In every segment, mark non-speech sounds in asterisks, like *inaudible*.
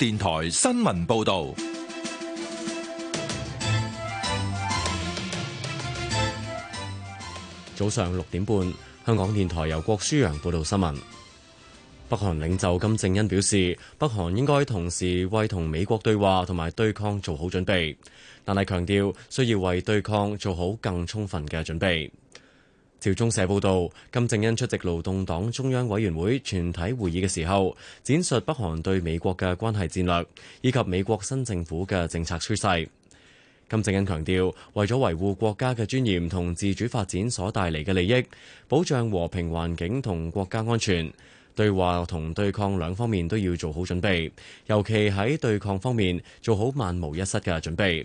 電台新聞報道，早上六點半，香港電台由郭舒揚報道新聞。北韓領袖金正恩表示，北韓應該同時為同美國對話同埋對抗做好準備，但係強調需要為對抗做好更充分嘅準備。朝中社報導，金正恩出席勞動黨中央委員會全體會議嘅時候，展述北韓對美國嘅關係戰略，以及美國新政府嘅政策趨勢。金正恩強調，為咗維護國家嘅尊嚴同自主發展所帶嚟嘅利益，保障和平環境同國家安全，對話同對抗兩方面都要做好準備，尤其喺對抗方面做好萬無一失嘅準備。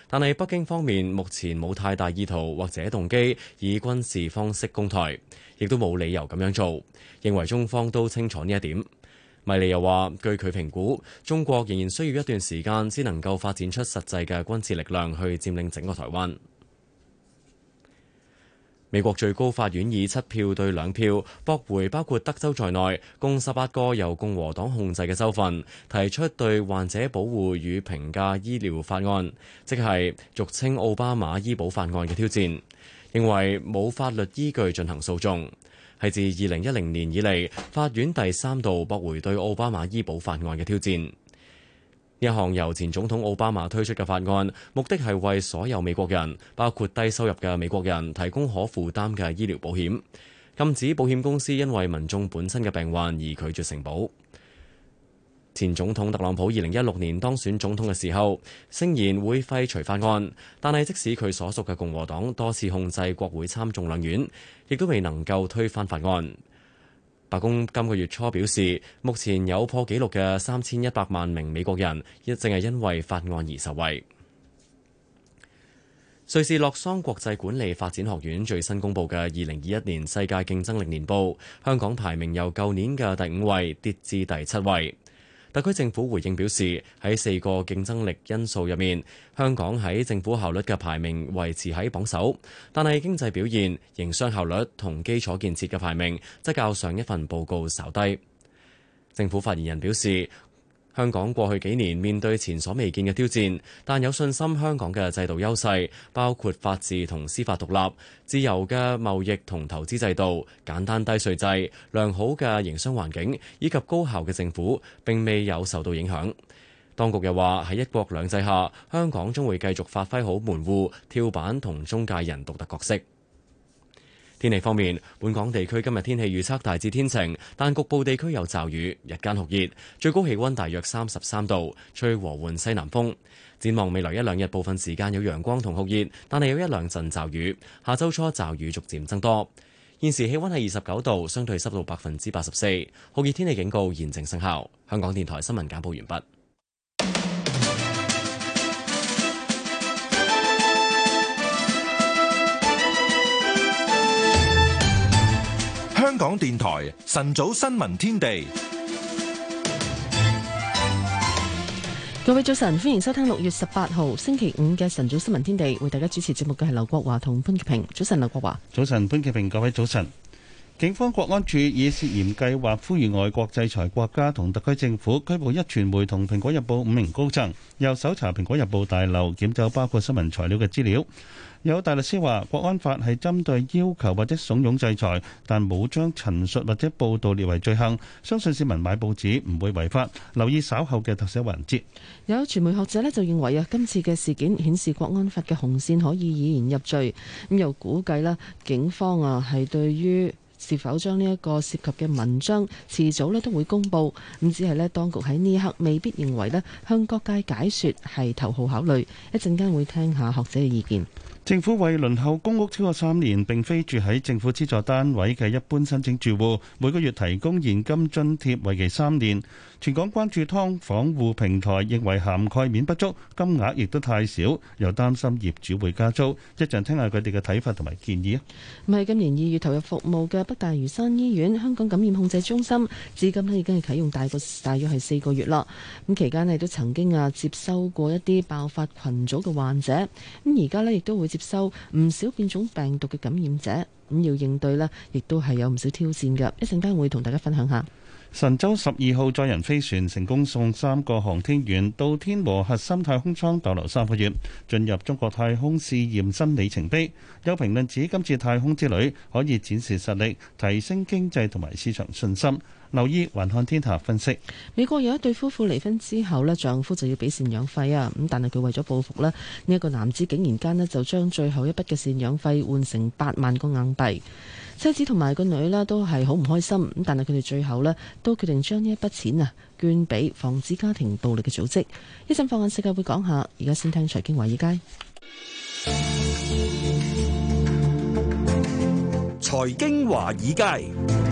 但係北京方面目前冇太大意圖或者動機以軍事方式攻台，亦都冇理由咁樣做。認為中方都清楚呢一點。米利又話，據佢評估，中國仍然需要一段時間先能夠發展出實際嘅軍事力量去佔領整個台灣。美國最高法院以七票對兩票，駁回包括德州在內共十八個由共和黨控制嘅州份提出對患者保護與平價醫療法案，即係俗稱奧巴馬醫保法案嘅挑戰，認為冇法律依據進行訴訟，係自二零一零年以嚟法院第三度駁回對奧巴馬醫保法案嘅挑戰。一項由前總統奧巴馬推出嘅法案，目的係為所有美國人，包括低收入嘅美國人，提供可負擔嘅醫療保險，禁止保險公司因為民眾本身嘅病患而拒絕承保。前總統特朗普二零一六年當選總統嘅時候，聲言會廢除法案，但係即使佢所屬嘅共和黨多次控制國會參眾兩院，亦都未能夠推翻法案。白宮今個月初表示，目前有破紀錄嘅三千一百萬名美國人，一正係因為法案而受惠。瑞士洛桑國際管理發展學院最新公布嘅二零二一年世界競爭力年報，香港排名由舊年嘅第五位跌至第七位。特區政府回應表示，喺四個競爭力因素入面，香港喺政府效率嘅排名維持喺榜首，但係經濟表現、營商效率同基礎建設嘅排名則較上一份報告稍低。政府發言人表示，香港過去幾年面對前所未見嘅挑戰，但有信心香港嘅制度優勢，包括法治同司法獨立、自由嘅貿易同投資制度、簡單低稅制、良好嘅營商環境以及高效嘅政府，並未有受到影響。當局又話，喺一國兩制下，香港將會繼續發揮好門戶、跳板同中介人獨特角色。天氣方面，本港地區今日天氣預測大致天晴，但局部地區有驟雨，日間酷熱，最高氣溫大約三十三度，吹和緩西南風。展望未來一兩日，部分時間有陽光同酷熱，但係有一兩陣驟雨，下周初驟雨逐漸增多。現時氣溫係二十九度，相對濕度百分之八十四，酷熱天氣警告現正生效。香港電台新聞簡報完畢。香港電台晨早新聞天地，各位早晨，歡迎收聽六月十八號星期五嘅晨早新聞天地，為大家主持節目嘅係劉國華同潘潔平。早晨，劉國華，早晨，潘潔平，各位早晨。警方國安處以涉嫌計劃呼籲外國制裁國家同特區政府拘捕壹傳媒同蘋果日報五名高層，又搜查蘋果日報大樓，檢走包括新聞材料嘅資料。有大律師話：國安法係針對要求或者慫恿制裁，但冇將陳述或者報道列為罪行，相信市民買報紙唔會違法。留意稍後嘅特寫環節。有傳媒學者咧就認為啊，今次嘅事件顯示國安法嘅紅綫可以以言入罪。咁又估計啦，警方啊係對於是否將呢一個涉及嘅文章遲早咧都會公布。咁只係咧，當局喺呢刻未必認為咧向各界解說係頭號考慮。一陣間會聽下學者嘅意見。政府為輪候公屋超過三年，並非住喺政府資助單位嘅一般申請住戶，每個月提供現金津貼為期三年。全港關注㓥房戶平台認為涵蓋面不足，金額亦都太少，又擔心業主會加租。一陣聽下佢哋嘅睇法同埋建議啊！咁喺今年二月投入服務嘅北大嶼山醫院香港感染控制中心，至今咧已經係啟用大概大約係四個月啦。咁期間咧都曾經啊接收過一啲爆發群組嘅患者。咁而家咧亦都會。接收唔少變種病毒嘅感染者，咁要應對呢，亦都係有唔少挑戰嘅。一陣間會同大家分享下。神舟十二號載人飛船成功送三個航天員到天和核心太空艙逗留三個月，進入中國太空試驗新里程碑。有評論指今次太空之旅可以展示實力，提升經濟同埋市場信心。留意雲漢天下分析，美國有一對夫婦離婚之後咧，丈夫就要俾贍養費啊，咁但係佢為咗報復咧，呢一個男子竟然間咧就將最後一筆嘅贍養費換成八萬個硬幣，妻子同埋個女啦都係好唔開心，咁但係佢哋最後咧都決定將呢一筆錢啊捐俾防止家庭暴力嘅組織。一陣放眼世界會講下，而家先聽財經華爾街，財經華爾街。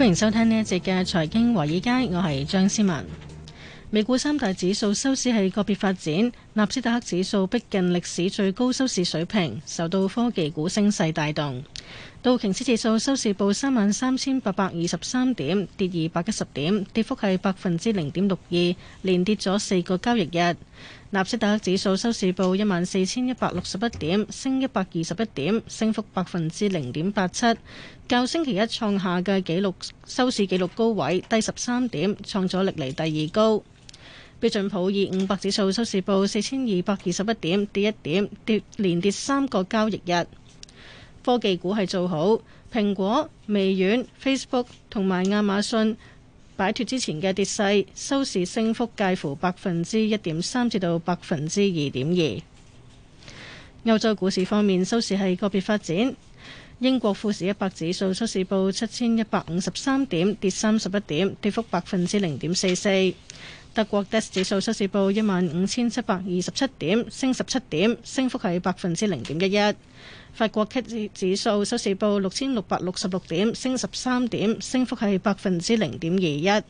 歡迎收聽呢一節嘅財經華爾街，我係張思文。美股三大指數收市係個別發展，納斯達克指數逼近歷史最高收市水平，受到科技股升勢帶動。道瓊斯指數收市報三萬三千八百二十三點，跌二百一十點，跌幅係百分之零點六二，連跌咗四個交易日。納斯達克指數收市報一萬四千一百六十一點，升一百二十一點，升幅百分之零點八七，較星期一創下嘅紀錄收市紀錄高位，低十三點，創咗歷嚟第二高。標準普爾五百指數收市報四千二百二十一點，跌一點，跌連跌三個交易日。科技股係做好，蘋果、微軟、Facebook 同埋亞馬遜。擺脫之前嘅跌勢，收市升幅介乎百分之一點三至到百分之二點二。歐洲股市方面，收市係個別發展。英國富時一百指數收市報七千一百五十三點，跌三十一點，跌幅百分之零點四四。德國 DAX 指數收市報一萬五千七百二十七點，升十七點，升幅係百分之零點一一。法國 CAC 指數收市報六千六百六十六點，升十三點，升幅係百分之零點二一。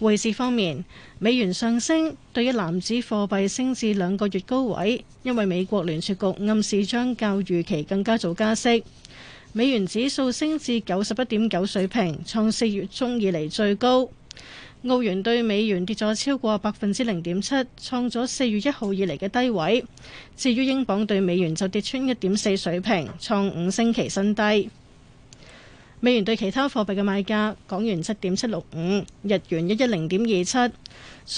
匯市方面，美元上升，兌一籃子貨幣升至兩個月高位，因為美國聯儲局暗示將較預期更加早加息。美元指數升至九十一點九水平，創四月中以嚟最高。澳元兌美元跌咗超過百分之零點七，創咗四月一號以嚟嘅低位。至於英鎊對美元就跌穿一點四水平，創五星期新低。美元對其他貨幣嘅賣價：港元七點七六五，日元一一零點二七，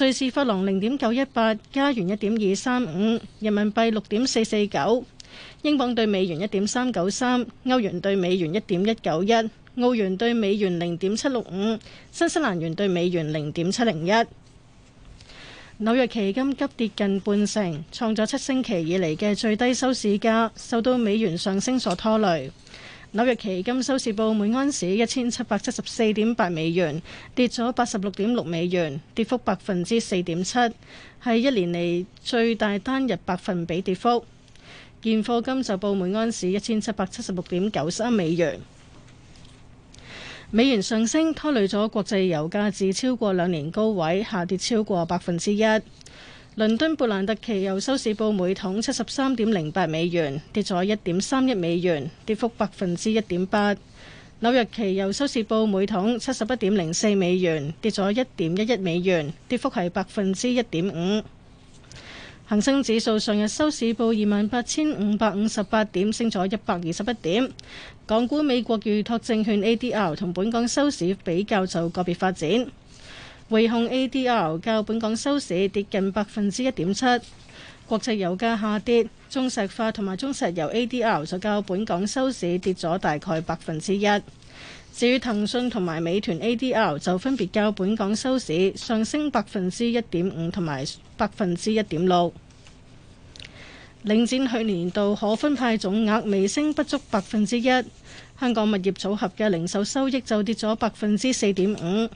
瑞士法郎零點九一八，加元一點二三五，人民幣六點四四九，英鎊對美元一點三九三，歐元對美元一點一九一。澳元兌美元零點七六五，新西蘭元兌美元零點七零一。紐約期金急跌近半成，創咗七星期以嚟嘅最低收市價，受到美元上升所拖累。紐約期金收市報每安士一千七百七十四點八美元，跌咗八十六點六美元，跌幅百分之四點七，係一年嚟最大單日百分比跌幅。現貨金就報每安士一千七百七十六點九三美元。美元上升拖累咗國際油價至超過兩年高位，下跌超過百分之一。倫敦布蘭特期油收市報每桶七十三點零八美元，跌咗一點三一美元，跌幅百分之一點八。紐約期油收市報每桶七十一點零四美元，跌咗一點一一美元，跌幅係百分之一點五。恒生指數上日收市報二萬八千五百五十八點，升咗一百二十一點。港股美國預託證券 ADR 同本港收市比較就個別發展，匯控 ADR 較本港收市跌近百分之一點七。國際油價下跌，中石化同埋中石油 ADR 就較本港收市跌咗大概百分之一。至於騰訊同埋美團 ADR 就分別較本港收市上升百分之一點五同埋百分之一點六。領展去年度可分派總額微升不足百分之一，香港物業組合嘅零售收益就跌咗百分之四點五。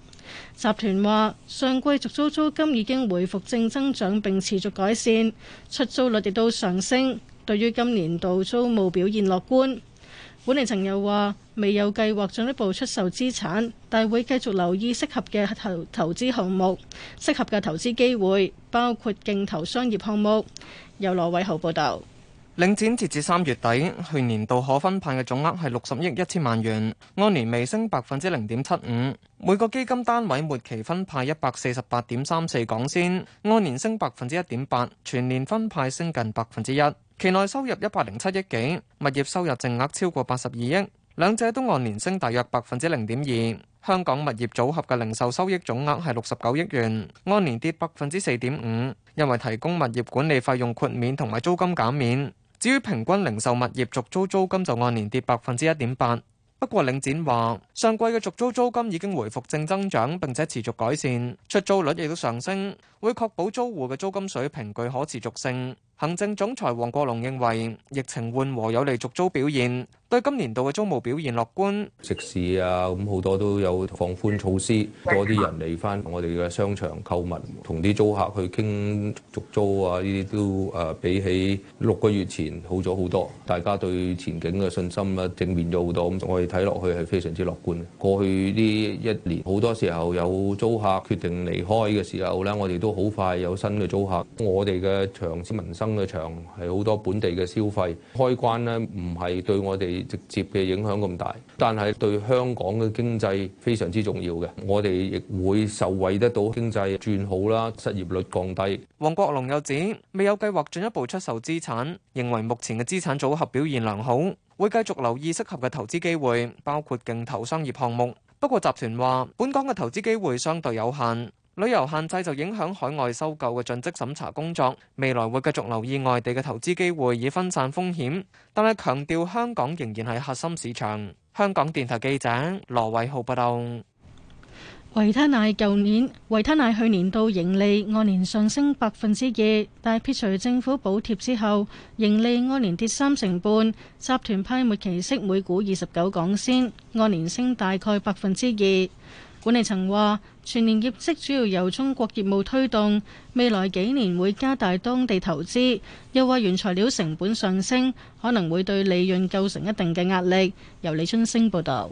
集團話上季續租租金已經回復正增長並持續改善，出租率亦都上升，對於今年度租務表現樂觀。管理層又話未有計劃進一步出售資產，但會繼續留意適合嘅投投資項目、適合嘅投資機會，包括競投商業項目。由羅偉豪報導。領展截至三月底去年度可分派嘅總額係六十億一千萬元，按年微升百分之零點七五。每個基金單位末期分派一百四十八點三四港仙，按年升百分之一點八，全年分派升近百分之一。期內收入一百零七億幾，物業收入淨額超過八十二億，兩者都按年升大約百分之零點二。香港物業組合嘅零售收益總額係六十九億元，按年跌百分之四點五，因為提供物業管理費用豁免同埋租金減免。至於平均零售物業續租租金就按年跌百分之一點八。不過領展話，上季嘅續租租金已經回復正增長，並且持續改善，出租率亦都上升，會確保租戶嘅租金水平具可持續性。行政總裁黃國龍認為疫情緩和有利續租表現。對今年度嘅租務表現樂觀，食肆啊咁好多都有放寬措施，多啲人嚟返我哋嘅商場購物，同啲租客去傾續租啊呢啲都誒比起六個月前好咗好多，大家對前景嘅信心啦正面咗好多，咁我哋睇落去係非常之樂觀。過去呢一年好多時候有租客決定離開嘅時候呢，我哋都好快有新嘅租客。我哋嘅場市民生嘅場係好多本地嘅消費開關呢，唔係對我哋直接嘅影響咁大，但係對香港嘅經濟非常之重要嘅，我哋亦會受惠得到經濟轉好啦，失業率降低。王國龍又指未有計劃進一步出售資產，認為目前嘅資產組合表現良好，會繼續留意適合嘅投資機會，包括競投商業項目。不過集團話本港嘅投資機會相對有限。旅遊限制就影響海外收購嘅盡職審查工作，未來會繼續留意外地嘅投資機會，以分散風險。但係強調香港仍然係核心市場。香港電台記者羅偉浩報道：維「維他奶舊年維他奶去年度盈利按年上升百分之二，但撇除政府補貼之後，盈利按年跌三成半。集團派末期息每股二十九港仙，按年升大概百分之二。管理層話，全年業績主要由中國業務推動，未來幾年會加大當地投資。又話原材料成本上升，可能會對利潤構成一定嘅壓力。由李春升報道。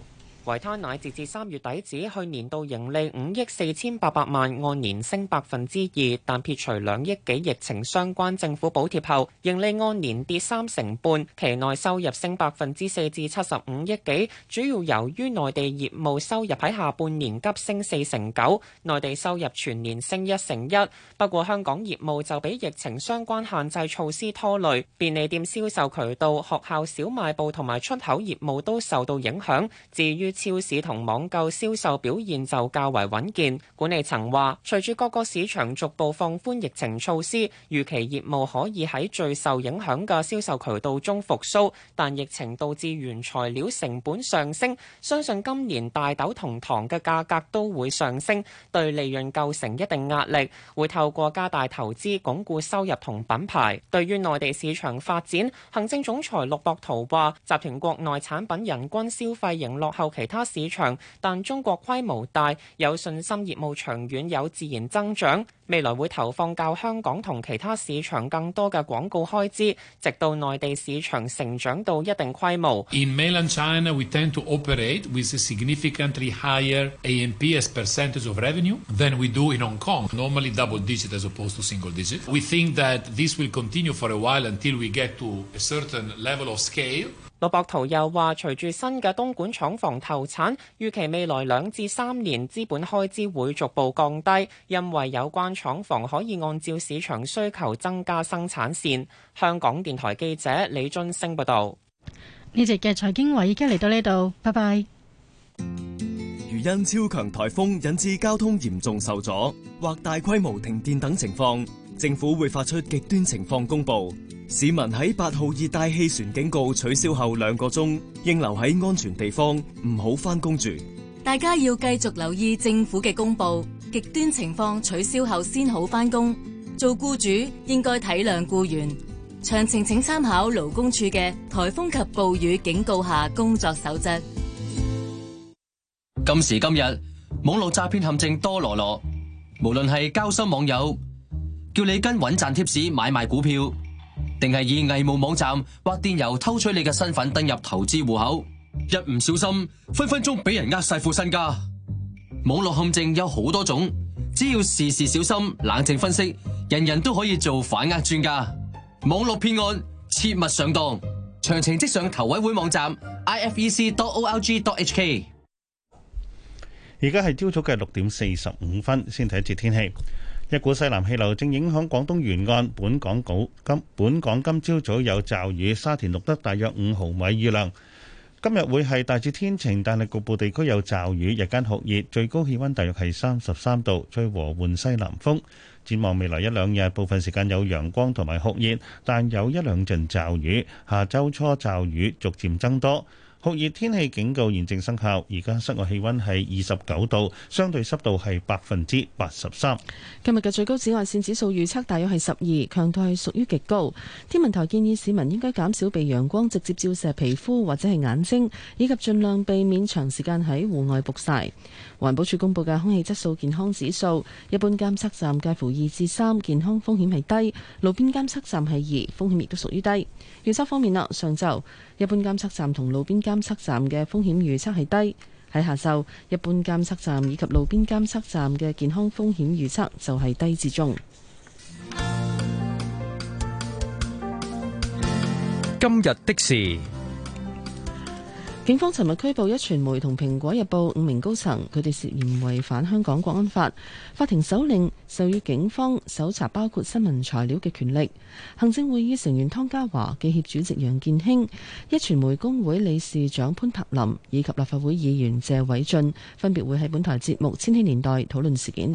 維他奶截至三月底止，去年度盈利五億四千八百萬，按年升百分之二，但撇除兩億幾疫情相關政府補貼後，盈利按年跌三成半。期內收入升百分之四至七十五億幾，主要由於內地業務收入喺下半年急升四成九，內地收入全年升一成一。不過香港業務就俾疫情相關限制措施拖累，便利店銷售渠道、學校小賣部同埋出口業務都受到影響。至於超市同網購銷售表現就較為穩健，管理層話：隨住各個市場逐步放寬疫情措施，預期業務可以喺最受影響嘅銷售渠道中復甦。但疫情導致原材料成本上升，相信今年大豆同糖嘅價格都會上升，對利潤構成一定壓力。會透過加大投資，鞏固收入同品牌。對於內地市場發展，行政總裁陸博圖話：集團國內產品人均消費仍落後期，其他市場，但中國規模大，有信心業務長遠，有自然增長，未來會投放較香港同其他市場更多嘅廣告開支，直到內地市場成長到一定規模。羅博圖又話，隨住新嘅東莞廠房投產，預期未來兩至三年資本開支會逐步降低，因為有關廠房可以按照市場需求增加生產線。香港電台記者李俊升報道。呢隻嘅財經話已經嚟到呢度，拜拜。如因超強台風引致交通嚴重受阻或大規模停電等情況，政府會發出極端情況公布。市民喺八號熱帶氣旋警告取消後兩個鐘，應留喺安全地方，唔好翻工住。大家要繼續留意政府嘅公布，極端情況取消後先好翻工。做僱主應該體諒僱員。詳情請參考勞工處嘅颱風及暴雨警告下工作守則。今時今日，網絡詐騙陷阱多羅羅，無論係交心網友，叫你跟穩賺貼士買賣股票。定係以偽冒網站或電郵偷取你嘅身份登入投資戶口，一唔小心，分分鐘俾人呃晒副身家。網絡陷阱有好多種，只要時時小心，冷靜分析，人人都可以做反呃專家。網絡騙案切勿上當，詳情即上投委會網站 ifec.org.hk。而家係朝早嘅六點四十五分，先睇一節天氣。一股西南氣流正影響廣東沿岸，本港今本港今朝早，早有驟雨，沙田錄得大約五毫米雨量。今日會係大致天晴，但係局部地區有驟雨。日間酷熱，最高氣温大約係三十三度，吹和緩西南風。展望未來一兩日，部分時間有陽光同埋酷熱，但有一兩陣驟雨。下週初驟雨逐漸增多。酷熱天氣警告現正生效，而家室外氣温係二十九度，相對濕度係百分之八十三。今日嘅最高紫外線指數預測大約係十二，強度係屬於極高。天文台建議市民應該減少被陽光直接照射皮膚或者係眼睛，以及盡量避免長時間喺戶外曝晒。環保署公布嘅空氣質素健康指數，一般監測站介乎二至三，健康風險係低；路邊監測站係二，風險亦都屬於低。預測方面啦，上晝一般監測站同路邊監測站嘅風險預測係低；喺下晝，一般監測站以及路邊監測站嘅健康風險預測就係低至中。今日的事。警方尋日拘捕一傳媒同《蘋果日報》五名高層，佢哋涉嫌違反香港國安法。法庭首令授予警方搜查包括新聞材料嘅權力。行政會議成員湯家驊、記協主席楊建興、一傳媒工會理事長潘柏林以及立法會議員謝偉俊分別會喺本台節目《千禧年代》討論事件。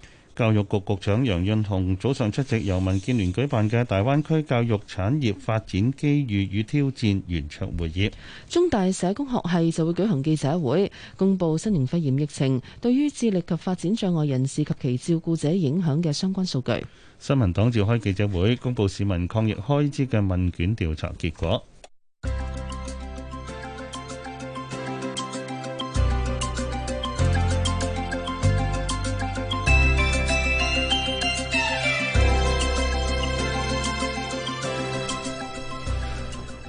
教育局局長楊潤雄早上出席由民建聯舉辦嘅大灣區教育產業發展機遇與挑戰圓桌會議。中大社工學系就會舉行記者會，公布新型肺炎疫情對於智力及發展障礙人士及其照顧者影響嘅相關數據。新聞黨召開記者會，公布市民抗疫開支嘅問卷調查結果。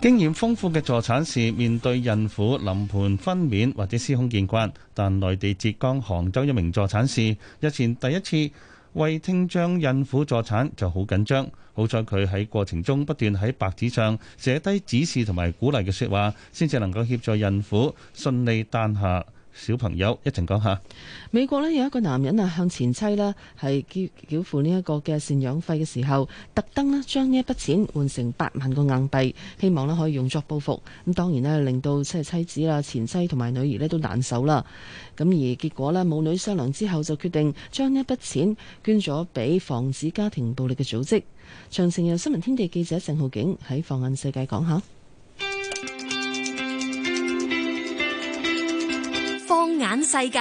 經驗豐富嘅助產士面對孕婦臨盆分娩或者司空見慣，但內地浙江杭州一名助產士日前第一次為聽障孕婦助產就好緊張，好彩佢喺過程中不斷喺白紙上寫低指示同埋鼓勵嘅說話，先至能夠協助孕婦順利誕下。小朋友一陣講下。美國咧有一個男人啊，向前妻咧係繳繳付呢一個嘅贍養費嘅時候，特登咧將呢一筆錢換成八萬個硬幣，希望咧可以用作報復。咁當然咧令到即係妻子啦、前妻同埋女兒咧都難受啦。咁而結果咧母女商量之後就決定將呢一筆錢捐咗俾防止家庭暴力嘅組織。詳情由新聞天地記者鄭浩景喺放眼世界講下。放眼世界，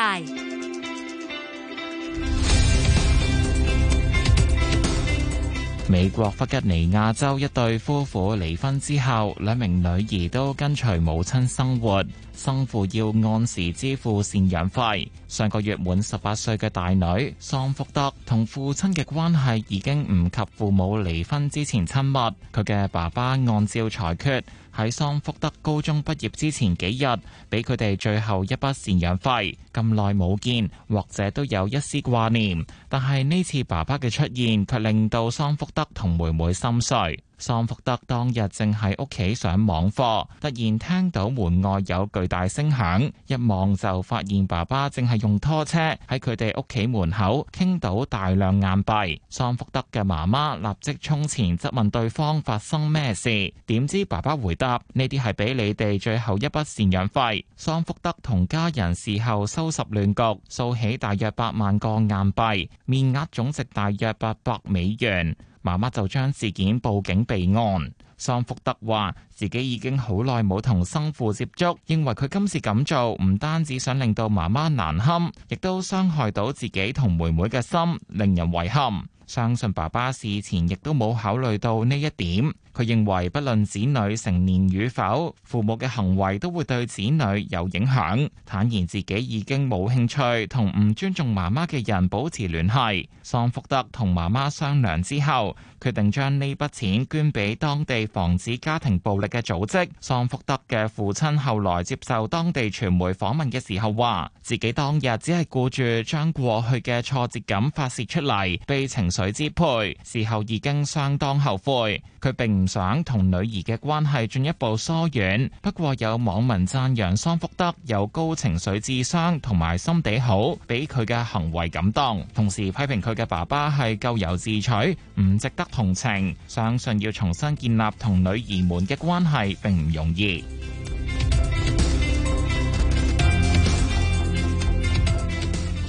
美國弗吉尼亞州一對夫婦離婚之後，兩名女兒都跟隨母親生活，生父要按時支付贍養費。上個月滿十八歲嘅大女桑福德同父親嘅關係已經唔及父母離婚之前親密，佢嘅爸爸按照裁決。喺桑福德高中畢業之前幾日，俾佢哋最後一筆贍養費。咁耐冇見，或者都有一絲掛念，但係呢次爸爸嘅出現，卻令到桑福德同妹妹心碎。桑福德當日正喺屋企上網課，突然聽到門外有巨大聲響，一望就發現爸爸正係用拖車喺佢哋屋企門口傾倒大量硬幣。桑福德嘅媽媽立即衝前質問對方發生咩事，點知爸爸回答：呢啲係俾你哋最後一筆贍養費。桑福德同家人事後收拾亂局，數起大約八萬個硬幣，面額總值大約八百美元。媽媽就將事件報警備案。桑福德話自己已經好耐冇同生父接觸，認為佢今次咁做唔單止想令到媽媽難堪，亦都傷害到自己同妹妹嘅心，令人遺憾。相信爸爸事前亦都冇考慮到呢一點。佢認為，不論子女成年與否，父母嘅行為都會對子女有影響。坦言自己已經冇興趣同唔尊重媽媽嘅人保持聯繫。桑福德同媽媽商量之後，決定將呢筆錢捐俾當地防止家庭暴力嘅組織。桑福德嘅父親後來接受當地傳媒訪問嘅時候話，自己當日只係顧住將過去嘅挫折感發洩出嚟，被情緒支配，事後已經相當後悔。佢並唔想同女兒嘅關係進一步疏遠，不過有網民讚揚桑福德有高情緒智商同埋心地好，俾佢嘅行為感動，同時批評佢嘅爸爸係咎由自取，唔值得同情。相信要重新建立同女兒們嘅關係，並唔容易。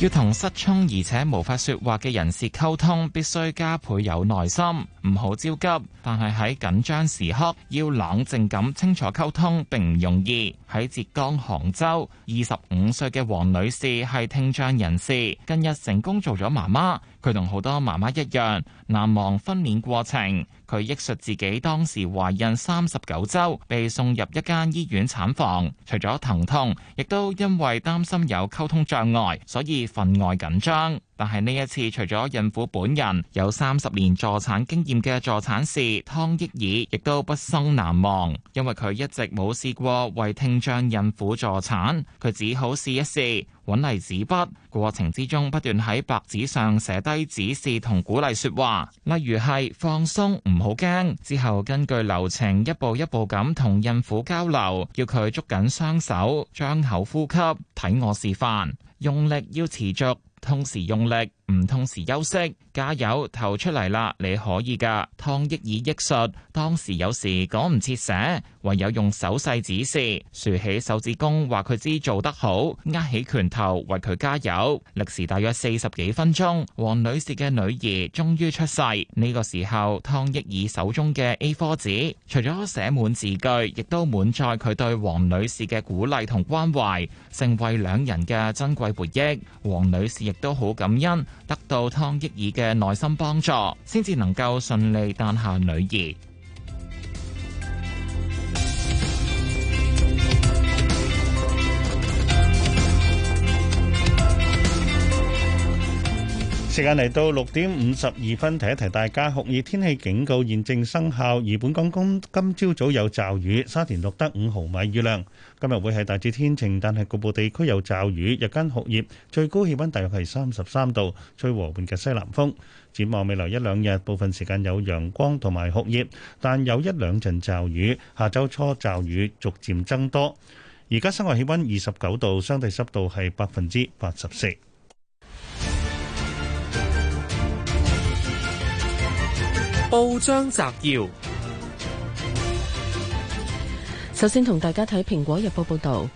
要同失聰而且無法說話嘅人士溝通，必須加倍有耐心，唔好焦急。但係喺緊張時刻，要冷靜咁清楚溝通並唔容易。喺浙江杭州，二十五歲嘅黃女士係聽障人士，近日成功做咗媽媽。佢同好多媽媽一樣，難忘分娩過程。佢憶述自己當時懷孕三十九週，被送入一間醫院產房，除咗疼痛，亦都因為擔心有溝通障礙，所以分外緊張。但係呢一次，除咗孕婦本人，有三十年助產經驗嘅助產士湯益爾，亦都畢生難忘，因為佢一直冇試過為聽障孕婦助產，佢只好試一試，揾嚟紙筆，過程之中不斷喺白紙上寫低指示同鼓勵說話，例如係放鬆，唔好驚。之後根據流程一步一步咁同孕婦交流，要佢捉緊雙手，張口呼吸，睇我示範，用力要持續。同時用力。唔痛時休息，加油！投出嚟啦，你可以㗎。湯益爾益述當時有時講唔切寫，唯有用手勢指示，豎起手指公話佢知做得好，握起拳頭為佢加油。歷時大約四十幾分鐘，王女士嘅女兒終於出世。呢、這個時候，湯益爾手中嘅 A4 紙除咗寫滿字句，亦都滿載佢對王女士嘅鼓勵同關懷，成為兩人嘅珍貴回憶。王女士亦都好感恩。得到湯益爾嘅耐心幫助，先至能夠順利誕下女兒。時間嚟到六點五十二分，提一提大家酷熱天氣警告現正生效，而本港公，公今朝早，早有驟雨，沙田錄得五毫米雨量。今日會係大致天晴，但係局部地區有驟雨。日間酷熱，最高氣溫大約係三十三度，吹和緩嘅西南風。展望未來一兩日，部分時間有陽光同埋酷熱，但有一兩陣驟雨。下周初驟雨逐漸增多。而家室外氣溫二十九度，相對濕度係百分之八十四。報章摘要：首先同大家睇《蘋果日報》報道，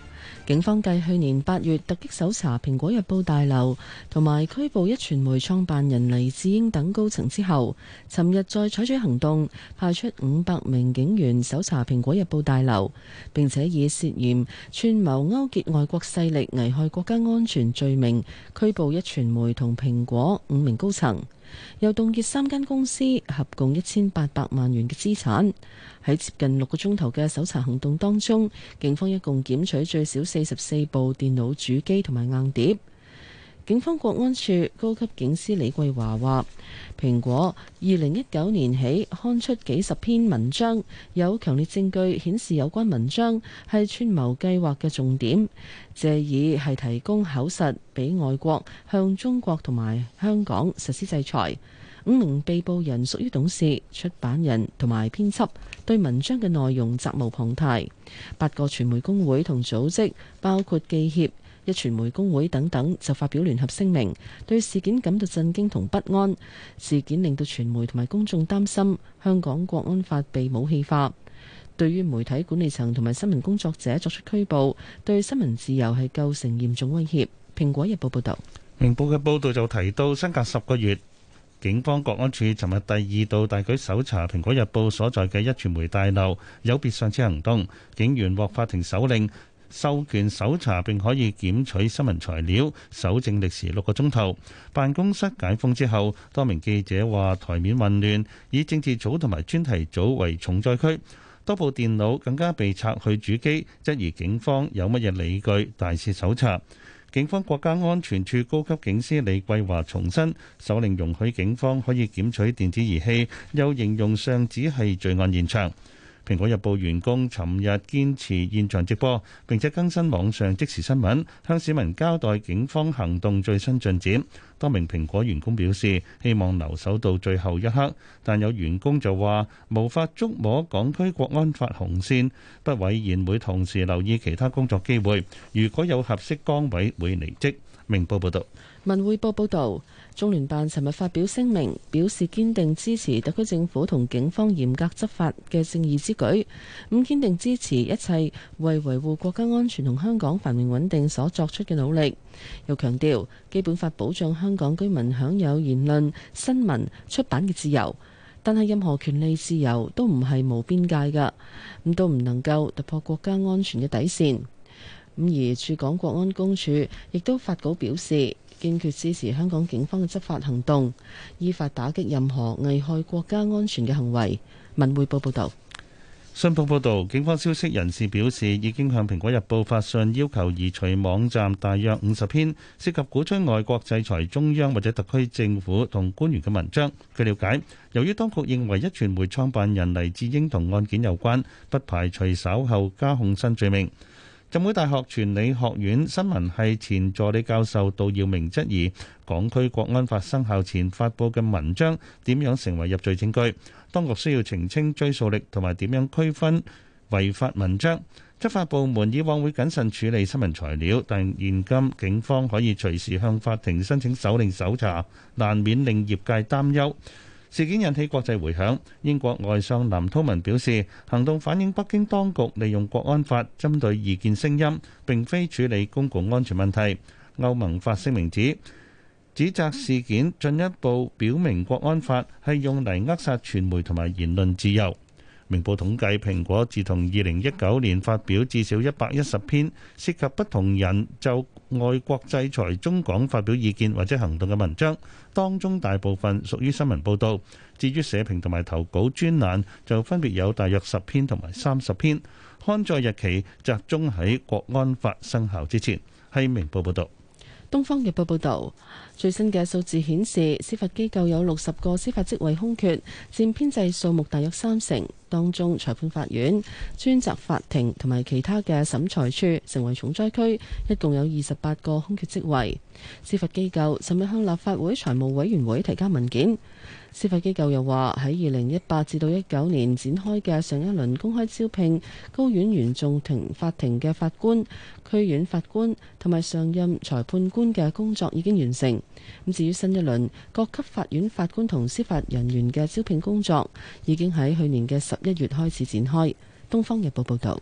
警方繼去年八月突擊搜查《蘋果日報》大樓，同埋拘捕一傳媒創辦人黎智英等高層之後，尋日再採取行動，派出五百名警員搜查《蘋果日報》大樓，並且以涉嫌串謀勾結外國勢力、危害國家安全罪名拘捕一傳媒同蘋果五名高層。又凍結三間公司合共一千八百萬元嘅資產。喺接近六個鐘頭嘅搜查行動當中，警方一共檢取最少四十四部電腦主機同埋硬碟。警方國安處高級警司李桂華話，蘋果二零一九年起刊出幾十篇文章，有強烈證據顯示有關文章係串謀計劃嘅重點，借以係提供口實俾外國向中國同埋香港實施制裁。五名被捕人屬於董事、出版人同埋編輯，對文章嘅內容責無旁貸。八個傳媒工會同組織，包括記協。一傳媒工會等等就發表聯合聲明，對事件感到震驚同不安。事件令到傳媒同埋公眾擔心香港國安法被武器化。對於媒體管理層同埋新聞工作者作出拘捕，對新聞自由係構成嚴重威脅。蘋果日報報導，明報嘅報導就提到，相隔十個月，警方國安處尋日第二度大舉搜查蘋果日報所在嘅一傳媒大樓，有別上次行動，警員獲法庭手令。授權搜查並可以檢取新聞材料，搜證歷時六個鐘頭。辦公室解封之後，多名記者話台面混亂，以政治組同埋專題組為重災區，多部電腦更加被拆去主機，質疑警方有乜嘢理據大肆搜查。警方國家安全處高級警司李桂華重申，手令容許警方可以檢取電子儀器，又形容上址係罪案現場。蘋果日報員工尋日堅持現場直播，並且更新網上即時新聞，向市民交代警方行動最新進展。多名蘋果員工表示希望留守到最後一刻，但有員工就話無法捉摸港區國安法紅線，不諱言會同時留意其他工作機會。如果有合適崗位會離職。明報報道。文匯報報道，中聯辦尋日發表聲明，表示堅定支持特區政府同警方嚴格執法嘅正義之舉，咁堅定支持一切為維護國家安全同香港繁榮穩定所作出嘅努力。又強調，基本法保障香港居民享有言論、新聞、出版嘅自由，但係任何權利自由都唔係無邊界噶，咁都唔能夠突破國家安全嘅底線。咁而駐港國安公署亦都發稿表示。堅決支持香港警方嘅執法行動，依法打擊任何危害國家安全嘅行為。文匯報報道，信報報道，警方消息人士表示，已經向蘋果日報發信要求移除網站大約五十篇涉及鼓吹外國制裁中央或者特區政府同官員嘅文章。據了解，由於當局認為壹傳媒創辦人黎智英同案件有關，不排除稍後加控新罪名。浸會大學傳理學院新聞系前助理教授杜耀明質疑，港區國安法生效前發佈嘅文章點樣成為入罪證據？當局需要澄清追溯力同埋點樣區分違法文章。執法部門以往會謹慎處理新聞材料，但現今警方可以隨時向法庭申請手令搜查，難免令業界擔憂。事件引起國際回響，英國外相藍韜文表示，行動反映北京當局利用國安法針對異見聲音，並非處理公共安全問題。歐盟發聲明指，指責事件進一步表明國安法係用嚟扼殺傳媒同埋言論自由。明報統計，蘋果自從二零一九年發表至少一百一十篇涉及不同人就外國制裁中港發表意見或者行動嘅文章，當中大部分屬於新聞報道。至於社評同埋投稿專欄，就分別有大約十篇同埋三十篇，刊載日期集中喺國安法生效之前。係明報報道，東方日報報道。最新嘅數字顯示，司法機構有六十個司法職位空缺，佔編制數目大約三成。當中裁判法院、專責法庭同埋其他嘅審裁處成為重災區，一共有二十八個空缺職位。司法機構甚至向立法會財務委員會提交文件。司法機構又話，喺二零一八至到一九年展開嘅上一輪公開招聘高院原訟庭法庭嘅法官、區院法官同埋上任裁判官嘅工作已經完成。咁至於新一輪各級法院法官同司法人員嘅招聘工作，已經喺去年嘅十一月開始展開。《東方日報》報道。《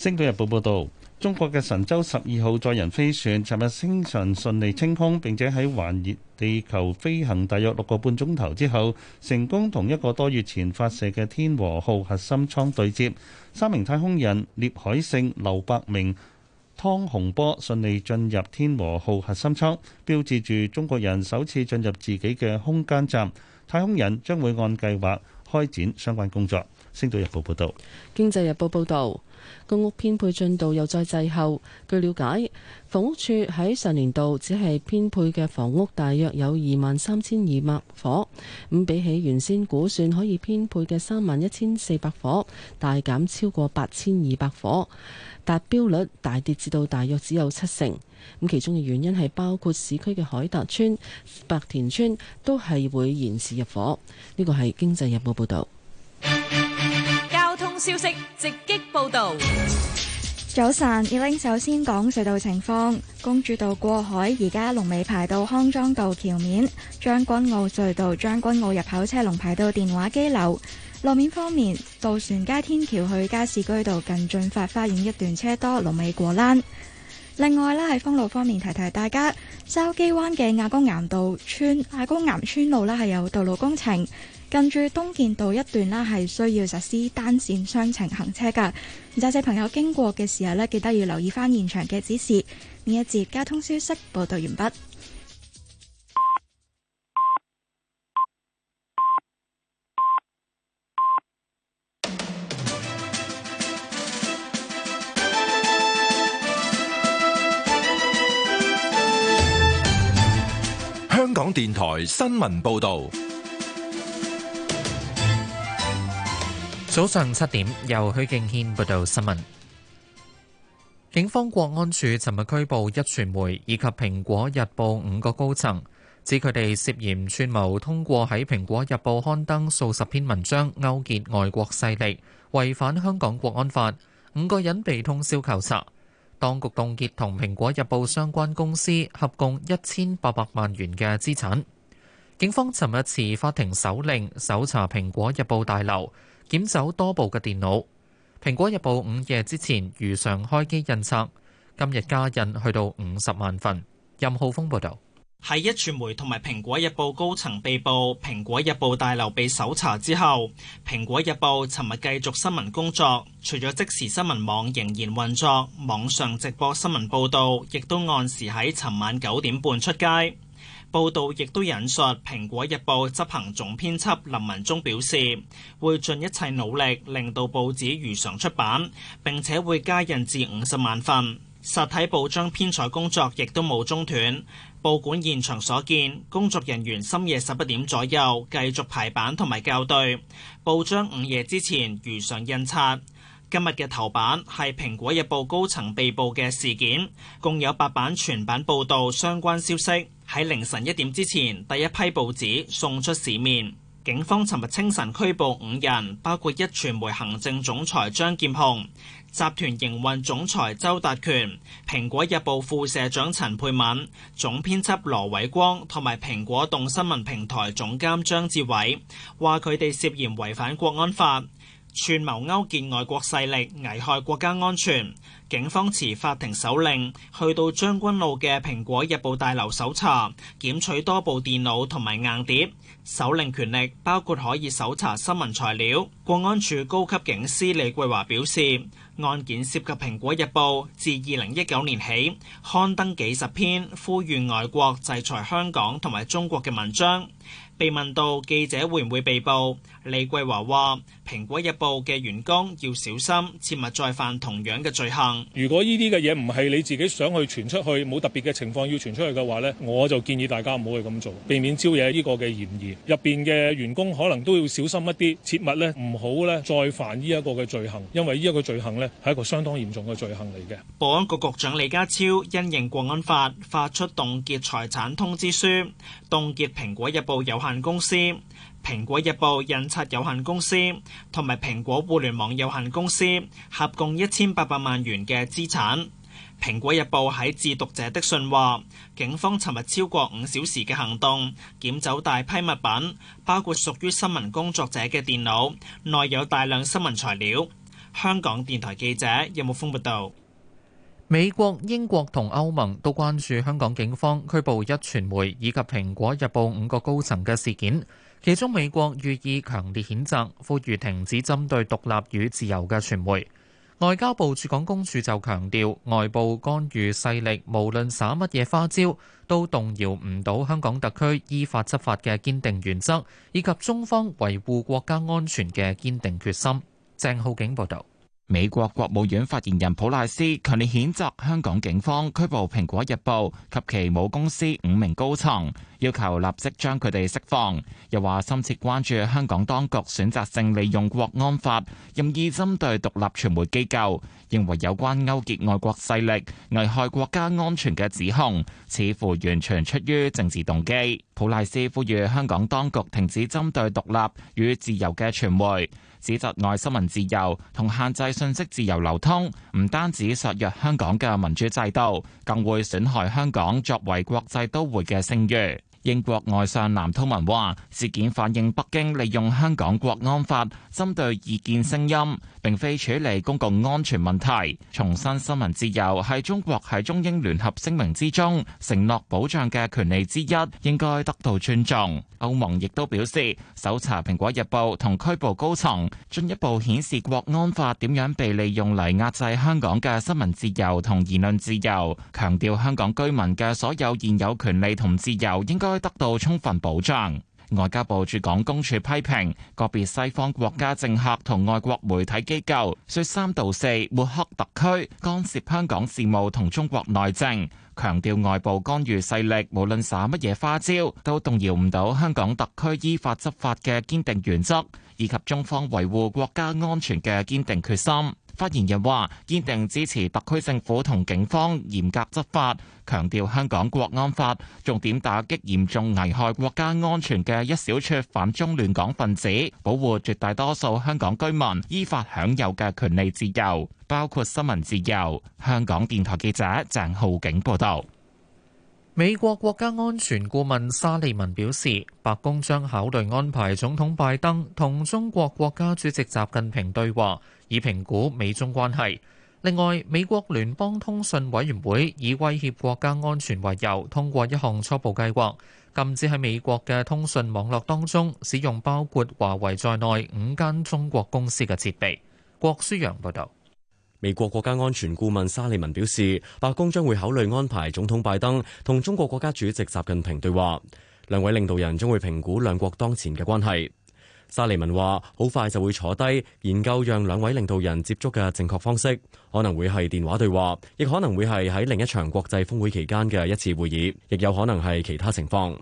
星島日報》報導。中國嘅神舟十二號載人飛船尋日清晨順利升空，並且喺環繞地球飛行大約六個半鐘頭之後，成功同一個多月前發射嘅天和號核心艙對接。三名太空人聶海勝、劉伯明、湯洪波順利進入天和號核心艙，標誌住中國人首次進入自己嘅空間站。太空人將會按計劃開展相關工作。星島日報報道。經濟日報報道。公屋編配進度又再滯後。據了解，房屋處喺上年度只係編配嘅房屋大約有二萬三千二百伙，咁比起原先估算可以編配嘅三萬一千四百伙，大減超過八千二百伙，達標率大跌至到大約只有七成。咁其中嘅原因係包括市區嘅海達邨、白田邨都係會延遲入伙。呢個係《經濟日報》報導。消息直擊報道。早晨，葉、e、玲首先講隧道情況。公主道過海而家龍尾排到康莊道橋面。將軍澳隧道將軍澳入口車龍排到電話機樓。路面方面，渡船街天橋去加士居道近駿發花園一段車多，龍尾過欄。另外啦，喺封路方面，提提大家，筲箕灣嘅亞公岩道村亞公岩村路呢係有道路工程。近住東建道一段啦，係需要實施單線雙程行車噶。駕駛朋友經過嘅時候咧，記得要留意返現場嘅指示。呢一節交通消息報道完畢。香港電台新聞報道。早上七點，由許敬軒報道新聞。警方國安處尋日拘捕一傳媒以及《蘋果日報》五個高層，指佢哋涉嫌串謀通過喺《蘋果日報》刊登數十篇文章，勾結外國勢力，違反香港國安法。五個人被通宵扣查，當局凍結同《蘋果日報》相關公司合共一千八百萬元嘅資產。警方尋日持法庭手令搜查《蘋果日報》大樓。檢走多部嘅電腦，蘋果日報午夜之前如常開機印刷，今日加印去到五十萬份。任浩峰報道：喺壹傳媒同埋蘋果日報高層被捕，蘋果日報大樓被搜查之後，蘋果日報尋日繼續新聞工作，除咗即時新聞網仍然運作，網上直播新聞報道亦都按時喺尋晚九點半出街。報道亦都引述《蘋果日報》執行總編輯林文忠表示，會盡一切努力令到報紙如常出版，並且會加印至五十萬份。實體報章編採工作亦都冇中斷。報館現場所見，工作人員深夜十一點左右繼續排版同埋校對，報章午夜之前如常印刷。今日嘅頭版係《蘋果日報》高層被捕嘅事件，共有八版全版報道相關消息。喺凌晨一點之前，第一批報紙送出市面。警方尋日清晨拘捕五人，包括一傳媒行政總裁張劍虹、集團營運總裁周達權、蘋果日報副社長陳佩敏、總編輯羅偉光同埋蘋果動新聞平台總監張志偉，話佢哋涉嫌違反國安法，串謀勾結外國勢力，危害國家安全。警方持法庭搜令，去到將軍澳嘅蘋果日報大樓搜查，檢取多部電腦同埋硬碟。搜令權力包括可以搜查新聞材料。國安處高級警司李桂華表示，案件涉及蘋果日報自二零一九年起刊登幾十篇呼籲外國制裁香港同埋中國嘅文章。被問到記者會唔會被捕？李桂華話：蘋果日報嘅員工要小心，切勿再犯同樣嘅罪行。如果呢啲嘅嘢唔係你自己想去傳出去，冇特別嘅情況要傳出去嘅話呢，我就建議大家唔好去咁做，避免招惹呢個嘅嫌疑。入邊嘅員工可能都要小心一啲，切勿呢唔好呢再犯呢一個嘅罪行，因為呢一個罪行呢係一個相當嚴重嘅罪行嚟嘅。保安局局長李家超因應國安法發出凍結財產通知書，凍結蘋果日報有限公司。蘋果日報印刷有限公司同埋蘋果互聯網有限公司合共一千八百萬元嘅資產。蘋果日報喺致讀者的信話，警方尋日超過五小時嘅行動，檢走大批物品，包括屬於新聞工作者嘅電腦，內有大量新聞材料。香港電台記者任木峰報道。有有美國、英國同歐盟都關注香港警方拘捕一傳媒以及蘋果日報五個高層嘅事件。其中美國予以強烈譴責，呼籲停止針對獨立與自由嘅傳媒。外交部駐港公署就強調，外部干預勢力無論耍乜嘢花招，都動搖唔到香港特區依法執法嘅堅定原則，以及中方維護國家安全嘅堅定決心。鄭浩景報道。美國國務院發言人普賴斯強烈譴責香港警方拘捕《蘋果日報》及其母公司五名高層，要求立即將佢哋釋放。又話深切關注香港當局選擇性利用國安法，任意針對獨立傳媒機構，認為有關勾結外國勢力、危害國家安全嘅指控，似乎完全出於政治動機。普賴斯呼籲香港當局停止針對獨立與自由嘅傳媒。指責外新聞自由同限制信息自由流通，唔單止削弱香港嘅民主制度，更會損害香港作為國際都會嘅聲譽。英國外相藍韜文話，事件反映北京利用香港國安法針對異見聲音。並非處理公共安全問題，重申新，新聞自由係中國喺中英聯合聲明之中承諾保障嘅權利之一，應該得到尊重。歐盟亦都表示，搜查《蘋果日報》同拘捕高層，進一步顯示國安法點樣被利用嚟壓制香港嘅新聞自由同言論自由，強調香港居民嘅所有現有權利同自由應該得到充分保障。外交部駐港公署批評個別西方國家政客同外國媒體機構説三道四，抹黑特區，干涉香港事務同中國內政，強調外部干預勢力無論耍乜嘢花招，都動搖唔到香港特區依法執法嘅堅定原則，以及中方維護國家安全嘅堅定決心。發言人話：堅定支持特區政府同警方嚴格執法，強調香港國安法重點打擊嚴重危害國家安全嘅一小撮反中亂港分子，保護絕大多數香港居民依法享有嘅權利自由，包括新聞自由。香港電台記者鄭浩景報道。美國國家安全顧問沙利文表示，白宮將考慮安排總統拜登同中國國家主席習近平對話，以評估美中關係。另外，美國聯邦通訊委員會以威脅國家安全為由，通過一項初步計劃，禁止喺美國嘅通訊網絡當中使用包括華為在內五間中國公司嘅設備。郭舒揚報道。美國國家安全顧問沙利文表示，白宮將會考慮安排總統拜登同中國國家主席習近平對話，兩位領導人將會評估兩國當前嘅關係。沙利文話：好快就會坐低研究，讓兩位領導人接觸嘅正確方式，可能會係電話對話，亦可能會係喺另一場國際峰會期間嘅一次會議，亦有可能係其他情況。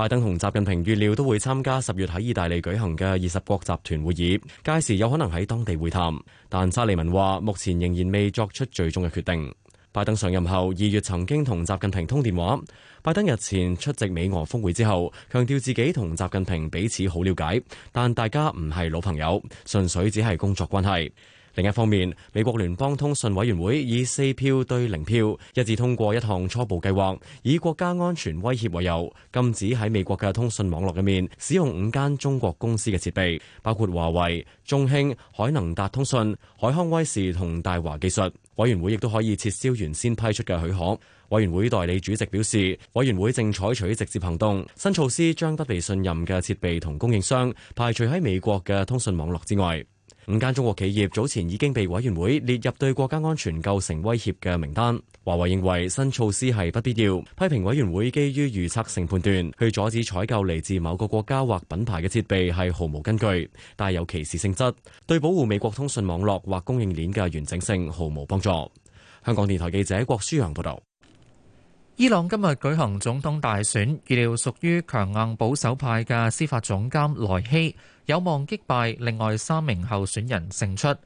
拜登同習近平預料都會參加十月喺意大利舉行嘅二十國集團會議，屆時有可能喺當地會談。但沙利文話，目前仍然未作出最終嘅決定。拜登上任後，二月曾經同習近平通電話。拜登日前出席美俄峰會之後，強調自己同習近平彼此好了解，但大家唔係老朋友，純粹只係工作關係。另一方面，美國聯邦通訊委員會以四票對零票一致通過一項初步計劃，以國家安全威脅為由，禁止喺美國嘅通訊網絡入面使用五間中國公司嘅設備，包括華為、中興、海能達通訊、海康威視同大華技術。委員會亦都可以撤銷原先批出嘅許可。委員會代理主席表示，委員會正採取直接行動，新措施將不被信任嘅設備同供應商排除喺美國嘅通訊網絡之外。五間中國企業早前已經被委員會列入對國家安全構成威脅嘅名單。華為認為新措施係不必要，批評委員會基於預測性判斷去阻止採購嚟自某個國家或品牌嘅設備係毫無根據，帶有歧視性質，對保護美國通訊網絡或供應鏈嘅完整性毫無幫助。香港電台記者郭舒揚報道。伊朗今日舉行總統大選，預料屬於強硬保守派嘅司法總監萊希有望擊敗另外三名候選人勝出。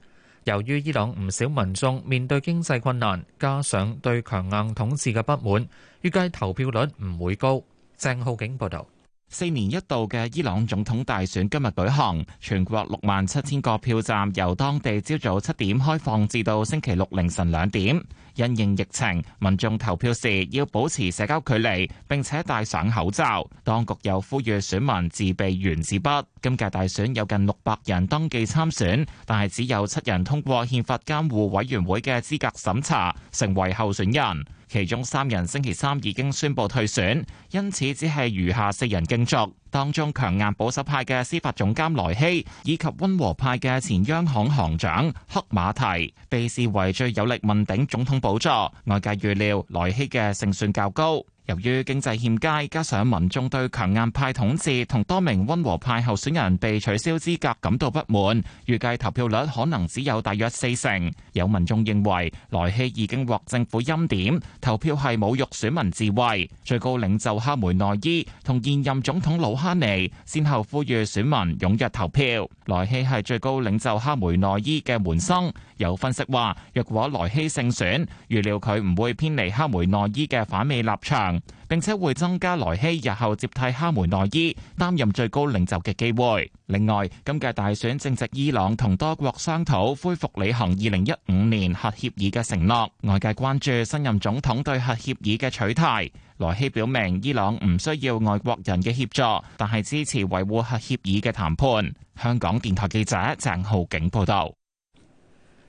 由於伊朗唔少民眾面對經濟困難，加上對強硬統治嘅不滿，預計投票率唔會高。鄭浩景報導，四年一度嘅伊朗總統大選今日舉行，全國六萬七千個票站由當地朝早七點開放至到星期六凌晨兩點。因應疫情，民眾投票時要保持社交距離並且戴上口罩。當局又呼籲選民自備原子筆。今屆大選有近六百人登記參選，但係只有七人通過憲法監護委員會嘅資格審查成為候選人，其中三人星期三已經宣布退選，因此只係餘下四人競逐。當中強硬保守派嘅司法總監萊希以及温和派嘅前央行行長黑馬提被視為最有力問鼎總統寶座，外界預料萊希嘅勝算較高。由於經濟欠佳，加上民眾對強硬派統治同多名溫和派候選人被取消資格感到不滿，預計投票率可能只有大約四成。有民眾認為萊希已經獲政府欽點，投票係侮辱選民智慧。最高領袖哈梅內伊同現任總統魯哈尼先後呼籲選民踴躍投票。萊希係最高領袖哈梅內伊嘅門生，有分析話，若果萊希勝選，預料佢唔會偏離哈梅內伊嘅反美立場。並且會增加萊希日後接替哈梅內伊擔任最高領袖嘅機會。另外，今屆大選正值伊朗同多國商討恢復履行二零一五年核協議嘅承諾，外界關注新任總統對核協議嘅取態。萊希表明，伊朗唔需要外國人嘅協助，但係支持維護核協議嘅談判。香港電台記者鄭浩景報道。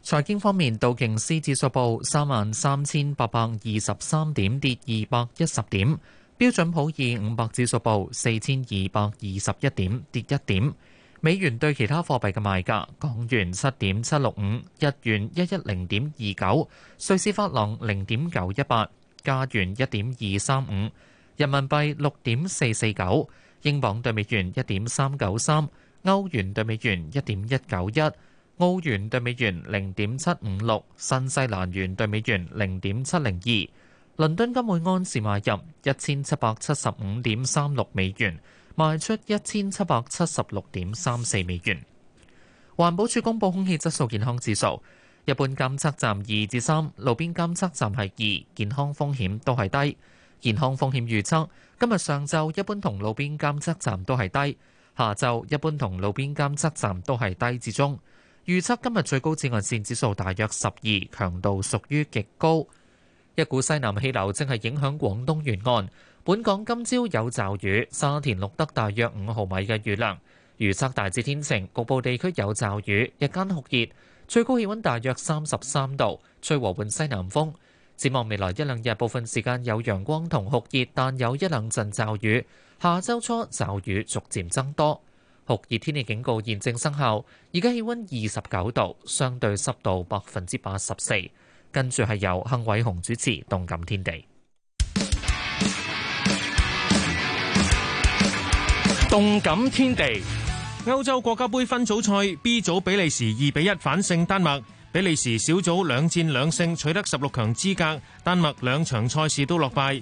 財經方面，道瓊斯指數報三萬三千八百二十三點，跌二百一十點；標準普爾五百指數報四千二百二十一點，跌一點。美元對其他貨幣嘅賣價：港元七點七六五，日元一一零點二九，瑞士法郎零點九一八，加元一點二三五，人民幣六點四四九，英鎊對美元一點三九三，歐元對美元一點一九一。澳元兌美元零點七五六，新西蘭元兌美元零點七零二。倫敦金每安士買入一千七百七十五點三六美元，賣出一千七百七十六點三四美元。環保署公布空氣質素健康指數，一般監測站二至三，路邊監測站係二，健康風險都係低。健康風險預測，今日上晝一般同路邊監測站都係低，下晝一般同路邊監測站都係低至中。預測今日最高紫外線指數大約十二，強度屬於極高。一股西南氣流正係影響廣東沿岸，本港今朝有驟雨，沙田錄得大約五毫米嘅雨量。預測大致天晴，局部地區有驟雨，日間酷熱，最高氣温大約三十三度，吹和緩西南風。展望未來一兩日，部分時間有陽光同酷熱，但有一兩陣驟雨。下周初驟雨逐漸增多。酷熱天氣警告現正生效，而家氣温二十九度，相對濕度百分之八十四。跟住係，由亨偉雄主持《動感天地》。《動感天地》，歐洲國家盃分組賽 B 組比利時二比一反勝丹麥，比利時小組兩戰兩勝，取得十六強資格。丹麥兩場賽事都落敗。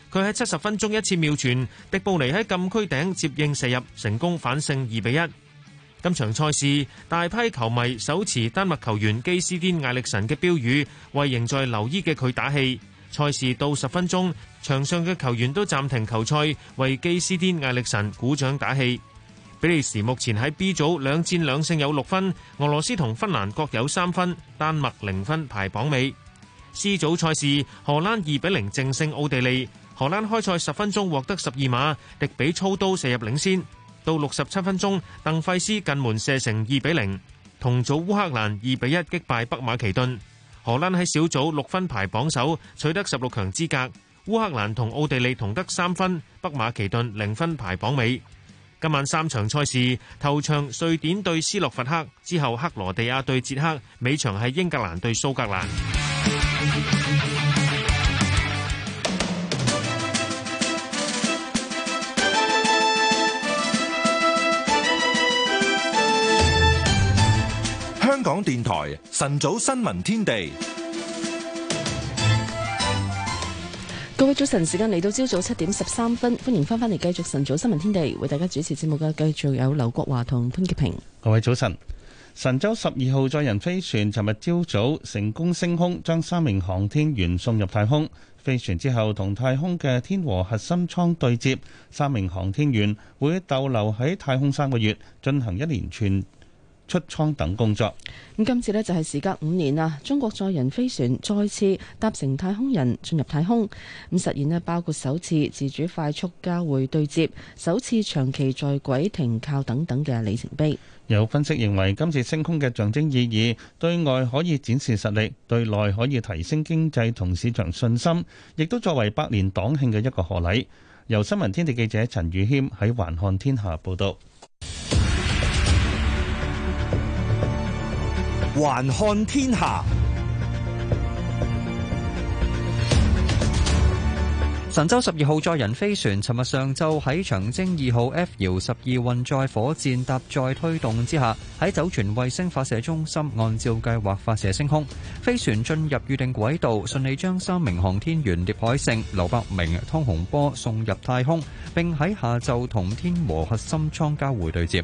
佢喺七十分鐘一次妙傳，迪布尼喺禁區頂接應射入，成功反勝二比一。今場賽事大批球迷手持丹麥球員基斯甸艾力神嘅標語，為仍在留醫嘅佢打氣。賽事到十分鐘，場上嘅球員都暫停球賽，為基斯甸艾力神鼓掌打氣。比利時目前喺 B 組兩戰兩勝有六分，俄羅斯同芬蘭各有三分，丹麥零分排榜尾。C 組賽事荷蘭二比零正勝奧地利。荷蘭開賽十分鐘獲得十二碼，迪比操刀射入領先。到六十七分鐘，鄧費斯近門射成二比零，同組烏克蘭二比一擊敗北馬其頓。荷蘭喺小組六分排榜首，取得十六強資格。烏克蘭同奧地利同得三分，北馬其頓零分排榜尾。今晚三場賽事，頭場瑞典對斯洛伐克，之後克羅地亞對捷克，尾場係英格蘭對蘇格蘭。港電台晨早新聞天地，各位早晨，時間嚟到朝早七點十三分，歡迎翻返嚟繼續晨早新聞天地，為大家主持節目嘅繼續有劉國華同潘潔平。各位早晨，神舟十二號載人飛船尋日朝早成功升空，將三名航天員送入太空。飛船之後同太空嘅天和核心艙對接，三名航天員會逗留喺太空三個月，進行一連串出倉等工作。咁今次咧就係時隔五年啊，中國載人飛船再次搭乘太空人進入太空，咁實現咧包括首次自主快速交會對接、首次長期在軌停靠等等嘅里程碑。有分析認為，今次升空嘅象徵意義，對外可以展示實力，對內可以提升經濟同市場信心，亦都作為百年黨慶嘅一個賀禮。由新聞天地記者陳宇謙喺環看天下報道。環看天下。神舟十二號載人飛船尋日上晝喺長征二號 F 遙十二運載火箭搭載推動之下，喺酒泉衛星發射中心按照計劃發射升空。飛船進入預定軌道，順利將三名航天員聶海勝、劉伯明、湯洪波送入太空，並喺下晝同天和核心艙交會對接。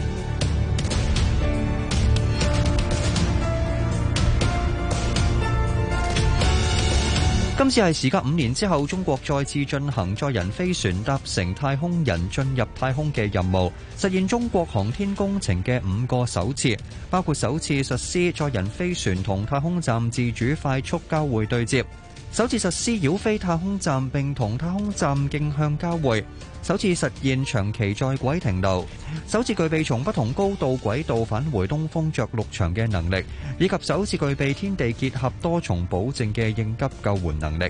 今次係時隔五年之後，中國再次進行載人飛船搭乘太空人進入太空嘅任務，實現中國航天工程嘅五個首次，包括首次實施載人飛船同太空站自主快速交會對接。首次實施繞飛太空站並同太空站徑向交匯，首次實現長期在軌停留，首次具備從不同高度軌道返回東風着陸場嘅能力，以及首次具備天地結合多重保證嘅應急救援能力。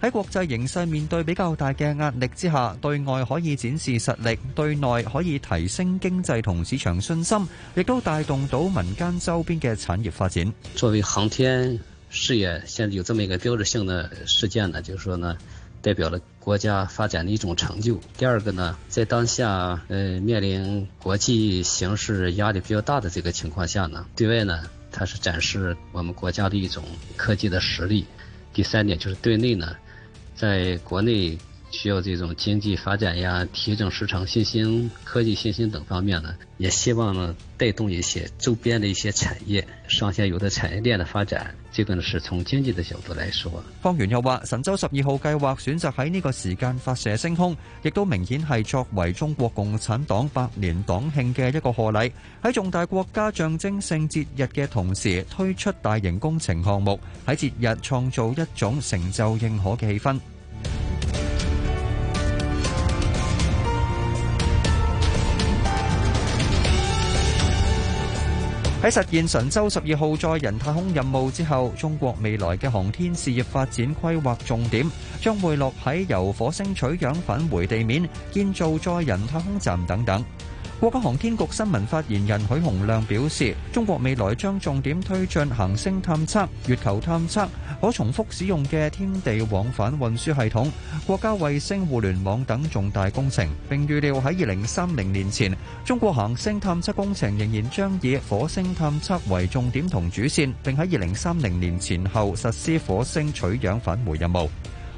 喺國際形勢面對比較大嘅壓力之下，對外可以展示實力，對內可以提升經濟同市場信心，亦都帶動到民間周邊嘅產業發展。作為航天事業，現在有這麼一個標誌性的事件呢，就是說呢，代表了國家發展的一種成就。第二個呢，在當下，呃，面臨國際形勢壓力比較大的這個情況下呢，對外呢，它是展示我們國家的一種科技的實力。第三點就是對內呢。在國內。需要這種經濟發展呀，提振市場信心、科技信心等方面呢，也希望呢帶動一些周邊的一些產業、上下游的產業鏈的發展。這個呢是從經濟的角度來說。方圓又話，神舟十二號計劃選擇喺呢個時間發射升空，亦都明顯係作為中國共產黨百年黨慶嘅一個賀禮。喺重大國家象徵性節日嘅同時，推出大型工程項目，喺節日創造一種成就認可嘅氣氛。實現神舟十二號載人太空任務之後，中國未來嘅航天事業發展規劃重點將會落喺由火星取樣返回地面、建造載人太空站等等。國家航天局新聞發言人許洪亮表示，中國未來將重點推進行星探測、月球探測、可重複使用嘅天地往返運輸系統、國家衛星互聯網等重大工程，並預料喺2030年前，中國行星探測工程仍然將以火星探測為重點同主線，並喺2030年前後實施火星取樣返回任務。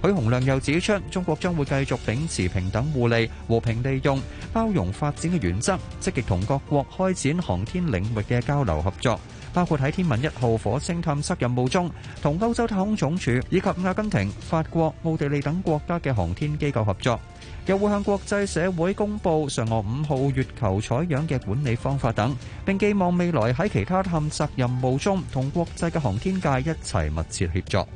許洪亮又指出，中國將會繼續秉持平等互利和平利用包容發展的原則，積極同各國開展航天領域的交流合作。包括在天問一號火星探測任務中，同歐洲太空總署以及阿根廷、法國、奧地利等國家的航天機構合作。又會向國際社會公布嫦娥五號月球採樣的管理方法等,並寄望未來在其他探測任務中，同國際的航天界一起密切協作。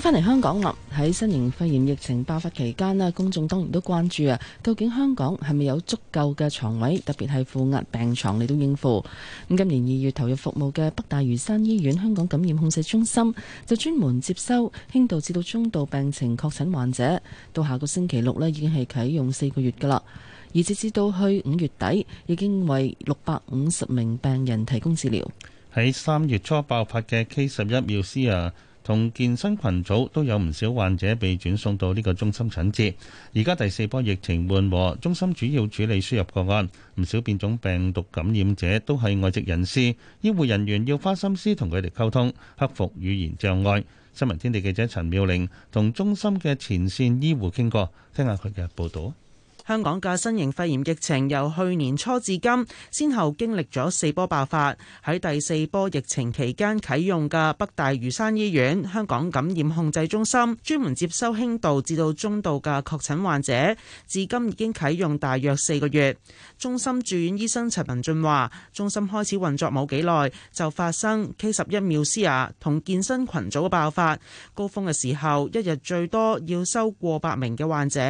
翻嚟香港啦！喺新型肺炎疫情爆發期間咧，公眾當然都關注啊，究竟香港係咪有足夠嘅床位，特別係負壓病床嚟到應付？咁今年二月投入服務嘅北大嶼山醫院香港感染控制中心，就專門接收輕度至到中度病情確診患者，到下個星期六咧已經係啟用四個月噶啦。而截至到去五月底，已經為六百五十名病人提供治療。喺三月初爆發嘅 K 十一苗斯啊！C，同健身群組都有唔少患者被轉送到呢個中心診治。而家第四波疫情緩和，中心主要處理輸入個案，唔少變種病毒感染者都係外籍人士。醫護人員要花心思同佢哋溝通，克服語言障礙，新聞天地記者陳妙玲同中心嘅前線醫護傾過，聽下佢嘅報道。香港嘅新型肺炎疫情由去年初至今，先後經歷咗四波爆發，喺第四波疫情期間啟用嘅北大嶼山醫院，香港感染控制中心專門接收輕度至到中度嘅確診患者，至今已經啟用大約四個月。中心住院醫生陳文俊話：中心開始運作冇幾耐，就發生 K 十一繆斯亞同健身群組嘅爆發。高峰嘅時候，一日最多要收過百名嘅患者。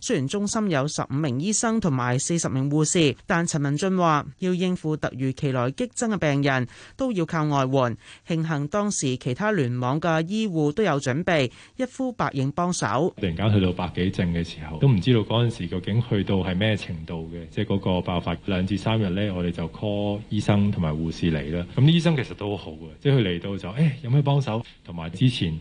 雖然中心有十五名醫生同埋四十名護士，但陳文俊話要應付突如其來激增嘅病人，都要靠外援。慶幸當時其他聯網嘅醫護都有準備，一呼百應幫手。突然間去到百幾症嘅時候，都唔知道嗰陣時究竟去到係咩程度嘅，即係、嗰個。個爆發兩至三日咧，我哋就 call 醫生同埋護士嚟啦。咁啲醫生其實都好嘅，即係佢嚟到就誒、哎，有咩幫手，同埋之前，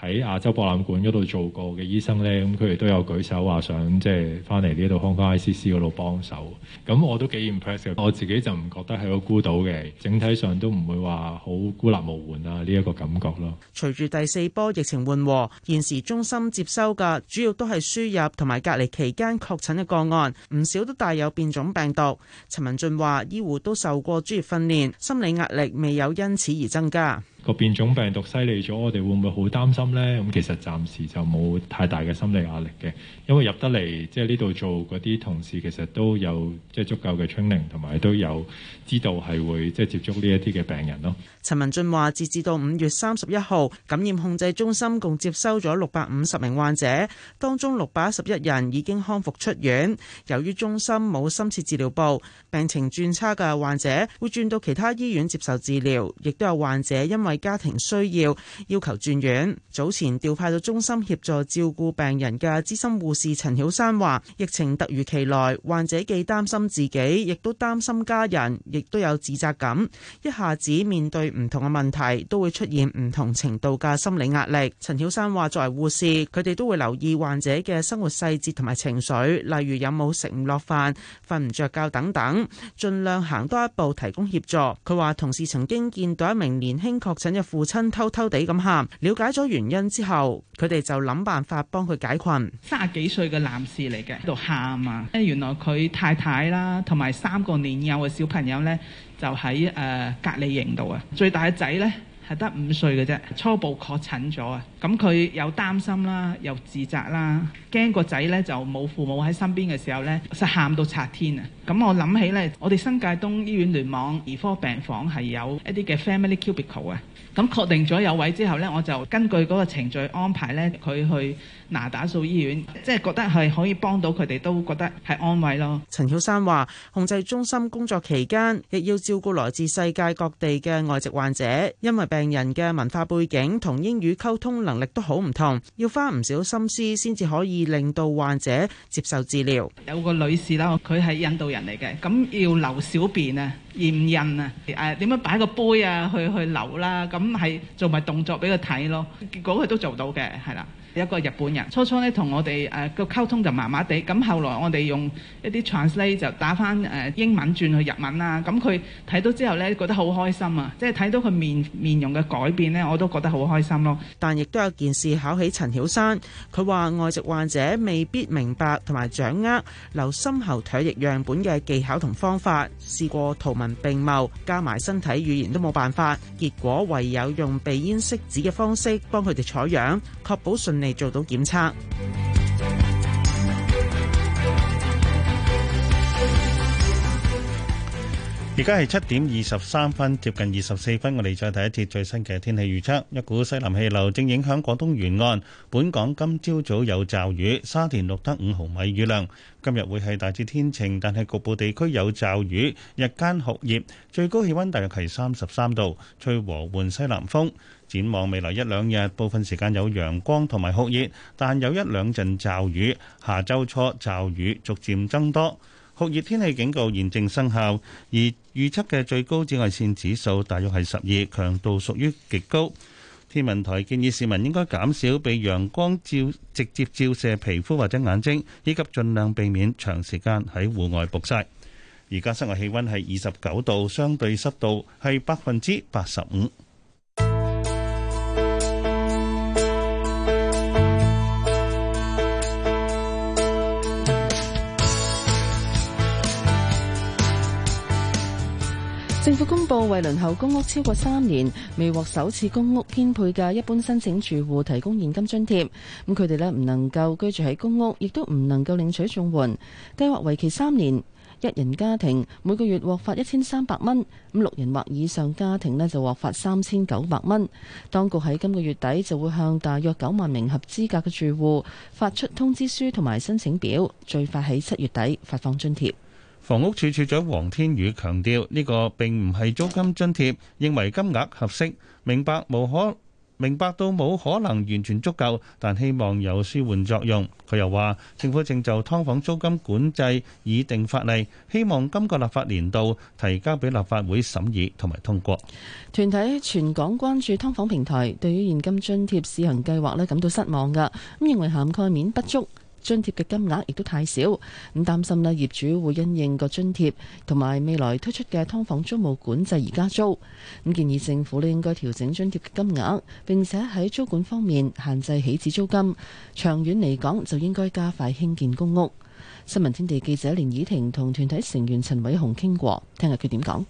喺亞洲博覽館嗰度做過嘅醫生呢，咁佢哋都有舉手話想即係翻嚟呢度康科 I C C 嗰度幫手。咁我都幾 impressive 我自己就唔覺得係好孤島嘅，整體上都唔會話好孤立無援啊，呢一個感覺咯。隨住第四波疫情緩和，現時中心接收嘅主要都係輸入同埋隔離期間確診嘅個案，唔少都帶有變種病毒。陳文俊話，醫護都受過專業訓練，心理壓力未有因此而增加。個變種病毒犀利咗，我哋會唔會好擔心呢？咁其實暫時就冇太大嘅心理壓力嘅，因為入得嚟即係呢度做嗰啲同事，其實都有即係足夠嘅 training，同埋都有知道係會即係接觸呢一啲嘅病人咯。陳文俊話：截至到五月三十一號，感染控制中心共接收咗六百五十名患者，當中六百一十一人已經康復出院。由於中心冇深切治療部，病情轉差嘅患者會轉到其他醫院接受治療，亦都有患者因為家庭需要要求轉院。早前調派到中心協助照顧病人嘅資深護士陳曉珊話：疫情突如其來，患者既擔心自己，亦都擔心家人，亦都有自責感，一下子面對唔同嘅問題都會出現唔同程度嘅心理壓力。陳曉山話：作為護士，佢哋都會留意患者嘅生活細節同埋情緒，例如有冇食唔落飯、瞓唔着覺等等，盡量行多一步提供協助。佢話同事曾經見到一名年輕確診嘅父親偷偷地咁喊，了解咗原因之後，佢哋就諗辦法幫佢解困。三十幾歲嘅男士嚟嘅，喺度喊啊！原來佢太太啦，同埋三個年幼嘅小朋友呢。就喺誒、呃、隔離營度啊！最大嘅仔呢，係得五歲嘅啫，初步確診咗啊！咁佢又擔心啦，又自責啦，驚個仔呢，就冇父母喺身邊嘅時候呢，實喊到拆天啊！咁我諗起呢，我哋新界東醫院聯網兒科病房係有一啲嘅 family cubicle 啊。咁確定咗有位之後呢，我就根據嗰個程序安排呢，佢去拿打素醫院，即係覺得係可以幫到佢哋，都覺得係安慰咯。陳曉山話：控制中心工作期間，亦要照顧來自世界各地嘅外籍患者，因為病人嘅文化背景同英語溝通能力都好唔同，要花唔少心思先至可以令到患者接受治療。有個女士啦，佢係印度人嚟嘅，咁要留小便啊！驗人啊，誒點、呃、樣擺個杯啊，去去留啦，咁係做埋動作俾佢睇咯，結果佢都做到嘅，係啦。一個日本人，初初咧同我哋誒個溝通就麻麻哋，咁後來我哋用一啲 translate 就打翻誒英文轉去日文啦，咁佢睇到之後咧覺得好開心啊，即係睇到佢面面容嘅改變咧，我都覺得好開心咯。但亦都有件事考起陳曉珊，佢話外籍患者未必明白同埋掌握留深喉唾液樣本嘅技巧同方法，試過圖文並茂加埋身體語言都冇辦法，結果唯有用鼻咽拭子嘅方式幫佢哋採樣確保順利。係做到檢測。而家係七點二十三分，接近二十四分，我哋再睇一次最新嘅天氣預測。一股西南氣流正影響廣東沿岸，本港今朝早，早有驟雨，沙田錄得五毫米雨量。今日會係大致天晴，但係局部地區有驟雨，日間酷熱，最高氣溫大約係三十三度，吹和緩西南風。展望未來一兩日，部分時間有陽光同埋酷熱，但有一兩陣驟雨。下周初驟雨逐漸增多。酷熱天氣警告現正生效，而預測嘅最高紫外線指數大約係十二，強度屬於極高。天文台建議市民應該減少被陽光照直接照射皮膚或者眼睛，以及盡量避免長時間喺戶外曝曬。而家室外氣温係二十九度，相對濕度係百分之八十五。政府公布，為輪候公屋超過三年未獲首次公屋編配嘅一般申請住戶提供現金津貼。咁佢哋咧唔能夠居住喺公屋，亦都唔能夠領取綜援。計劃為期三年，一人家庭每個月獲發一千三百蚊，咁六人或以上家庭咧就獲發三千九百蚊。當局喺今個月底就會向大約九萬名合資格嘅住戶發出通知書同埋申請表，最快喺七月底發放津貼。房屋署署長黃天宇強調，呢個並唔係租金津貼，認為金額合適，明白、無可明白到冇可能完全足夠，但希望有舒緩作用。佢又話，政府正就劏房租金管制擬定法例，希望今個立法年度提交俾立法會審議同埋通過。團體全港關注劏房平台對於現金津貼試行計劃咧感到失望嘅，咁認為涵蓋面不足。津貼嘅金額亦都太少，咁擔心咧業主會因應個津貼同埋未來推出嘅劏房租務管制而加租，咁建議政府咧應該調整津貼嘅金額，並且喺租管方面限制起始租金。長遠嚟講，就應該加快興建公屋。新聞天地記者連以婷同團體成員陳偉雄傾過，聽下佢點講。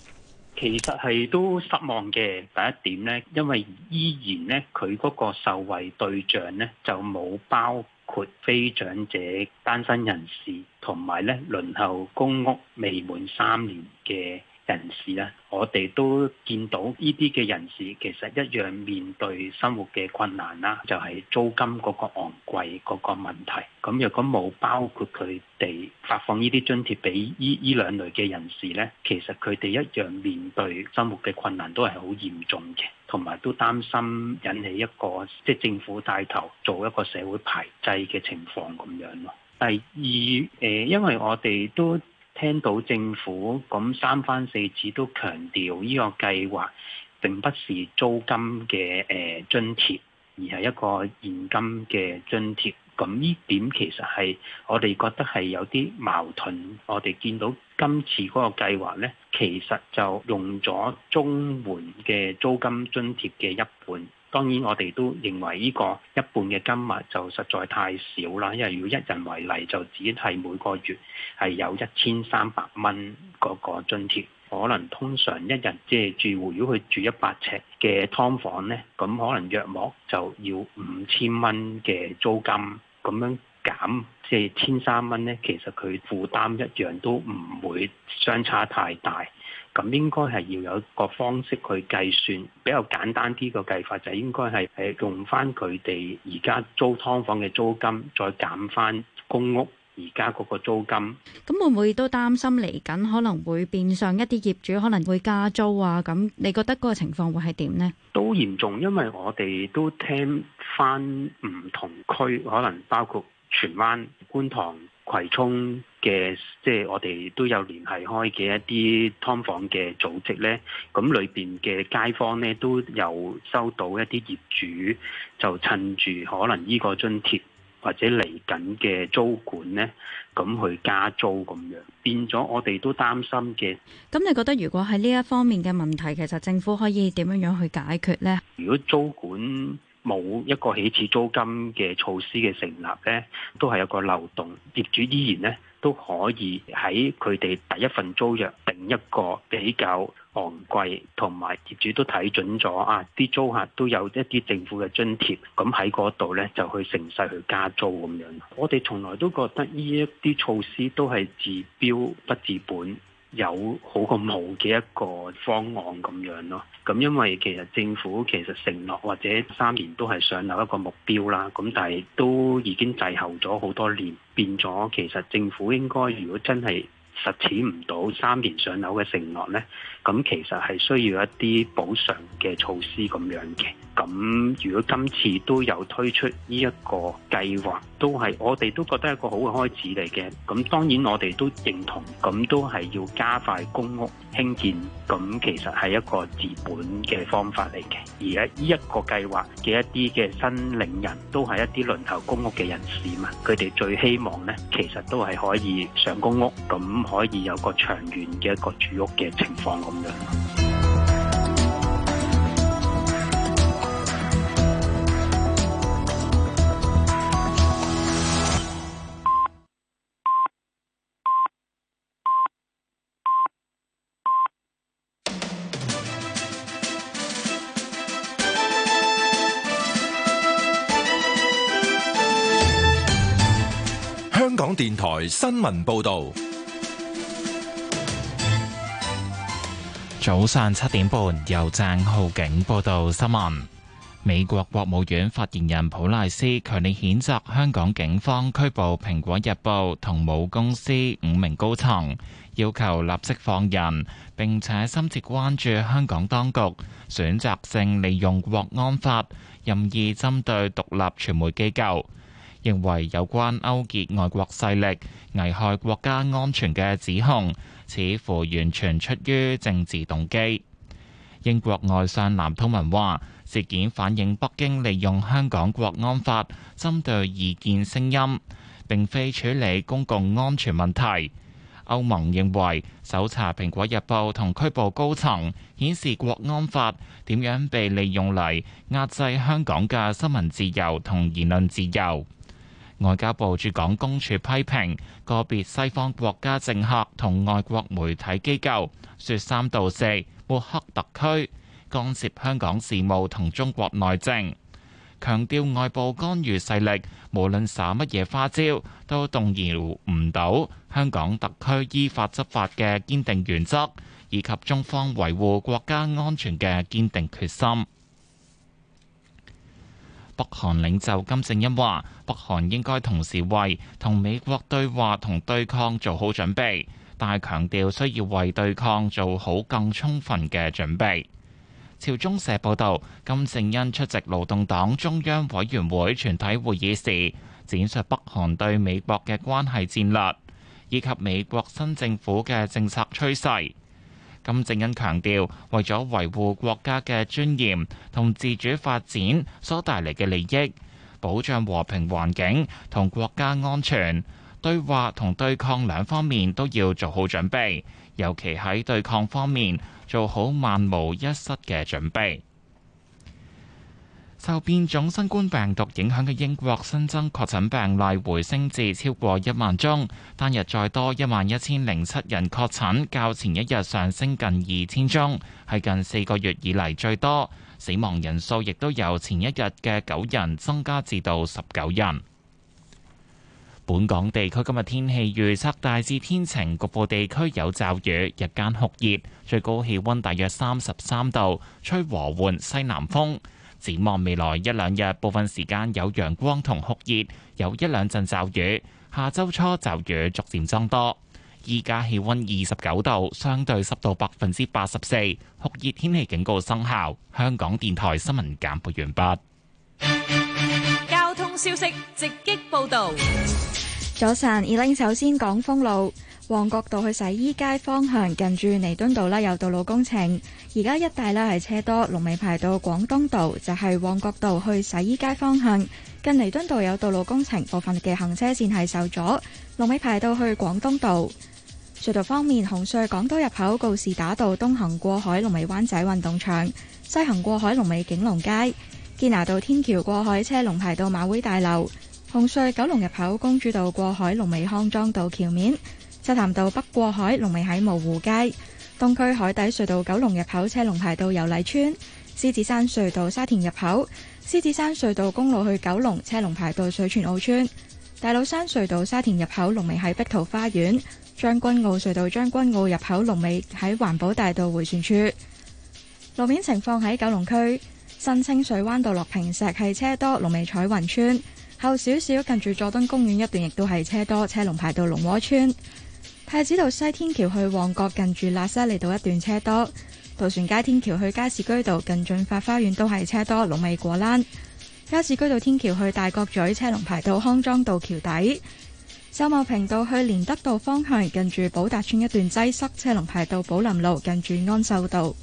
其實係都失望嘅第一點呢，因為依然呢，佢嗰個受惠對象呢，就冇包。括非長者、單身人士同埋咧，輪候公屋未滿三年嘅人士咧，我哋都見到呢啲嘅人士其實一樣面對生活嘅困難啦，就係、是、租金嗰個昂貴嗰個問題。咁若果冇包括佢哋發放呢啲津貼俾呢呢兩類嘅人士咧，其實佢哋一樣面對生活嘅困難都係好嚴重嘅，同埋都擔心引起一個即係、就是、政府帶頭做一個社會排擠嘅情況咁樣咯。第二誒、呃、因為我哋都。聽到政府咁三番四次都強調，呢個計劃並不是租金嘅誒津貼，而係一個現金嘅津貼。咁呢點其實係我哋覺得係有啲矛盾。我哋見到今次嗰個計劃呢，其實就用咗中門嘅租金津貼嘅一半。當然，我哋都認為呢個一半嘅金額就實在太少啦，因為要一人為例，就只係每個月係有一千三百蚊嗰個津貼，可能通常一日，即係住戶，如果佢住一百尺嘅㓥房呢，咁可能約莫就要五千蚊嘅租金，咁樣減即係千三蚊呢，其實佢負擔一樣都唔會相差太大。咁應該，係要有一個方式去計算比較簡單啲個計法，就應該，係係用翻佢哋而家租劏房嘅租金，再減翻公屋而家嗰個租金。咁會唔會都擔心嚟緊可能會變相一啲業主可能會加租啊？咁你覺得嗰個情況會，係點呢？都嚴重，因為我哋都聽翻唔同區，可能包括荃灣觀塘。葵涌嘅，即係我哋都有聯繫開嘅一啲劏房嘅組織咧，咁裏邊嘅街坊咧都有收到一啲業主就趁住可能呢個津貼或者嚟緊嘅租管咧，咁去加租咁樣變咗我哋都擔心嘅。咁你覺得如果喺呢一方面嘅問題，其實政府可以點樣樣去解決咧？如果租管？冇一個起始租金嘅措施嘅成立呢都係有個漏洞。業主依然呢都可以喺佢哋第一份租約定一個比較昂貴，同埋業主都睇準咗啊！啲租客都有一啲政府嘅津貼，咁喺嗰度呢就去乘勢去加租咁樣。我哋從來都覺得呢一啲措施都係治標不治本。有好過冇嘅一個方案咁樣咯，啊，咁因為其實政府其實承諾或者三年都係想有一個目標啦，咁但係都已經滯後咗好多年，變咗其實政府應該如果真係實踐唔到三年上樓嘅承諾呢，咁其實係需要一啲補償嘅措施咁樣嘅。咁如果今次都有推出呢一個計劃，都係我哋都覺得係一個好嘅開始嚟嘅。咁當然我哋都認同，咁都係要加快公屋興建，咁其實係一個治本嘅方法嚟嘅。而喺呢一個計劃嘅一啲嘅申領人，都係一啲輪候公屋嘅人士嘛，佢哋最希望呢，其實都係可以上公屋咁。可以有個長遠嘅一個住屋嘅情況咁樣。香港電台新聞報道。早上七點半，由鄭浩景報道新聞。美國國務院發言人普賴斯強烈譴責香港警方拘捕《蘋果日報》同母公司五名高層，要求立即放人，並且深切關注香港當局選擇性利用《國安法》，任意針對獨立傳媒機構，認為有關勾結外國勢力、危害國家安全嘅指控。似乎完全出於政治動機，英國外相南通文話事件反映北京利用香港國安法針對異見聲音，並非處理公共安全問題，歐盟認為搜查《蘋果日報》同拘捕高層顯示國安法點樣被利用嚟壓制香港嘅新聞自由同言論自由。外交部駐港公署批評個別西方國家政客同外國媒體機構説三道四，抹黑特區，干涉香港事務同中國內政，強調外部干預勢力無論耍乜嘢花招，都動搖唔到香港特區依法執法嘅堅定原則，以及中方維護國家安全嘅堅定決心。北韓領袖金正恩話：北韓應該同時為同美國對話同對抗做好準備，但係強調需要為對抗做好更充分嘅準備。朝中社報導，金正恩出席勞動黨中央委員會全體會議時，展述北韓對美國嘅關係戰略，以及美國新政府嘅政策趨勢。金正恩強調，為咗維護國家嘅尊嚴同自主發展所帶嚟嘅利益，保障和平環境同國家安全，對話同對抗兩方面都要做好準備，尤其喺對抗方面做好萬無一失嘅準備。受變種新冠病毒影響嘅英國新增確診病例回升至超過一萬宗，單日再多一萬一千零七人確診，較前一日上升近二千宗，係近四個月以嚟最多。死亡人數亦都由前一日嘅九人增加至到十九人。本港地區今日天氣預測大致天晴，局部地區有驟雨，日間酷熱，最高氣溫大約三十三度，吹和緩西南風。展望未來一兩日，部分時間有陽光同酷熱，有一兩陣驟雨，下周初驟雨逐漸增多。而家氣溫二十九度，相對濕度百分之八十四，酷熱天氣警告生效。香港電台新聞簡報完畢。交通消息直擊報道。早晨，依玲首先講封路。旺角道去洗衣街方向，近住彌敦道啦，有道路工程，而家一帶啦，係車多，龍尾排到廣東道，就係旺角道去洗衣街方向，近彌敦道有道路工程，部分嘅行車線係受阻，龍尾排到去廣東道。隧道方面，紅隧港島入口告士打道東行過海，龍尾灣仔運動場；西行過海，龍尾景隆街堅拿道天橋過海，車龍排到馬會大樓；紅隧九龍入口公主道過海，龍尾康莊道橋面。沙潭道北過海，龍尾喺蕪湖街，東區海底隧道九龍入口車龍排到油麗村；獅子山隧道沙田入口，獅子山隧道公路去九龍車龍排到水泉澳村；大老山隧道沙田入口龍尾喺碧桃花園，將軍澳隧道將軍澳入口龍尾喺環保大道迴旋處。路面情況喺九龍區新清水灣道落坪石係車多，龍尾彩雲村後少少近住佐敦公園一段，亦都係車多，車龍排到龍窩村。太子道西天橋去旺角近住喇沙利道一段車多，渡船街天橋去加士居道近駿發花園都係車多，龍尾果欄。加士居道天橋去大角咀車龍排到康莊道橋底。秀茂平道去連德道方向近住寶達村一段擠塞，車龍排到寶林路近住安秀道。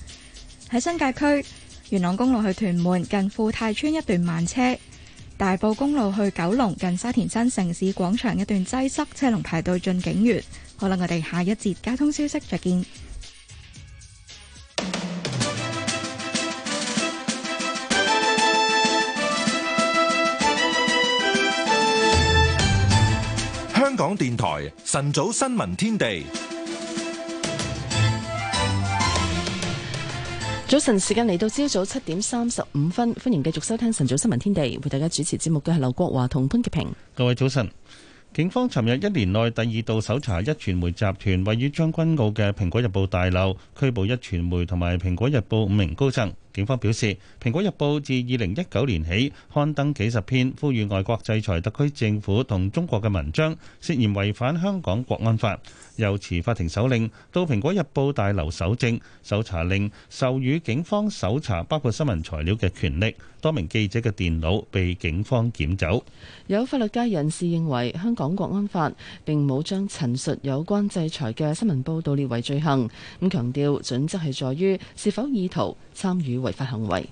喺新界區元朗公路去屯門近富泰村一段慢車，大埔公路去九龍近沙田新城市廣場一段擠塞，車龍排到駿景園。好啦，我哋下一節交通消息再見。香港電台晨早新聞天地，早晨時間嚟到朝早七點三十五分，歡迎繼續收聽晨早新聞天地，為大家主持節目嘅係劉國華同潘潔平。各位早晨。警方尋日一年內第二度搜查壹傳媒集團位於將軍澳嘅《蘋果日報》大樓，拘捕壹傳媒同埋《蘋果日報》五名高層。警方表示，《蘋果日報》自二零一九年起刊登幾十篇呼籲外國制裁特區政府同中國嘅文章，涉嫌違反香港國安法。又持法庭手令到《蘋果日報》大樓搜證。搜查令，授予警方搜查包括新聞材料嘅權力。多名記者嘅電腦被警方檢走。有法律界人士認為，香港國安法並冇將陳述有關制裁嘅新聞報導列為罪行，咁強調準則係在於是否意圖參與。違法行為。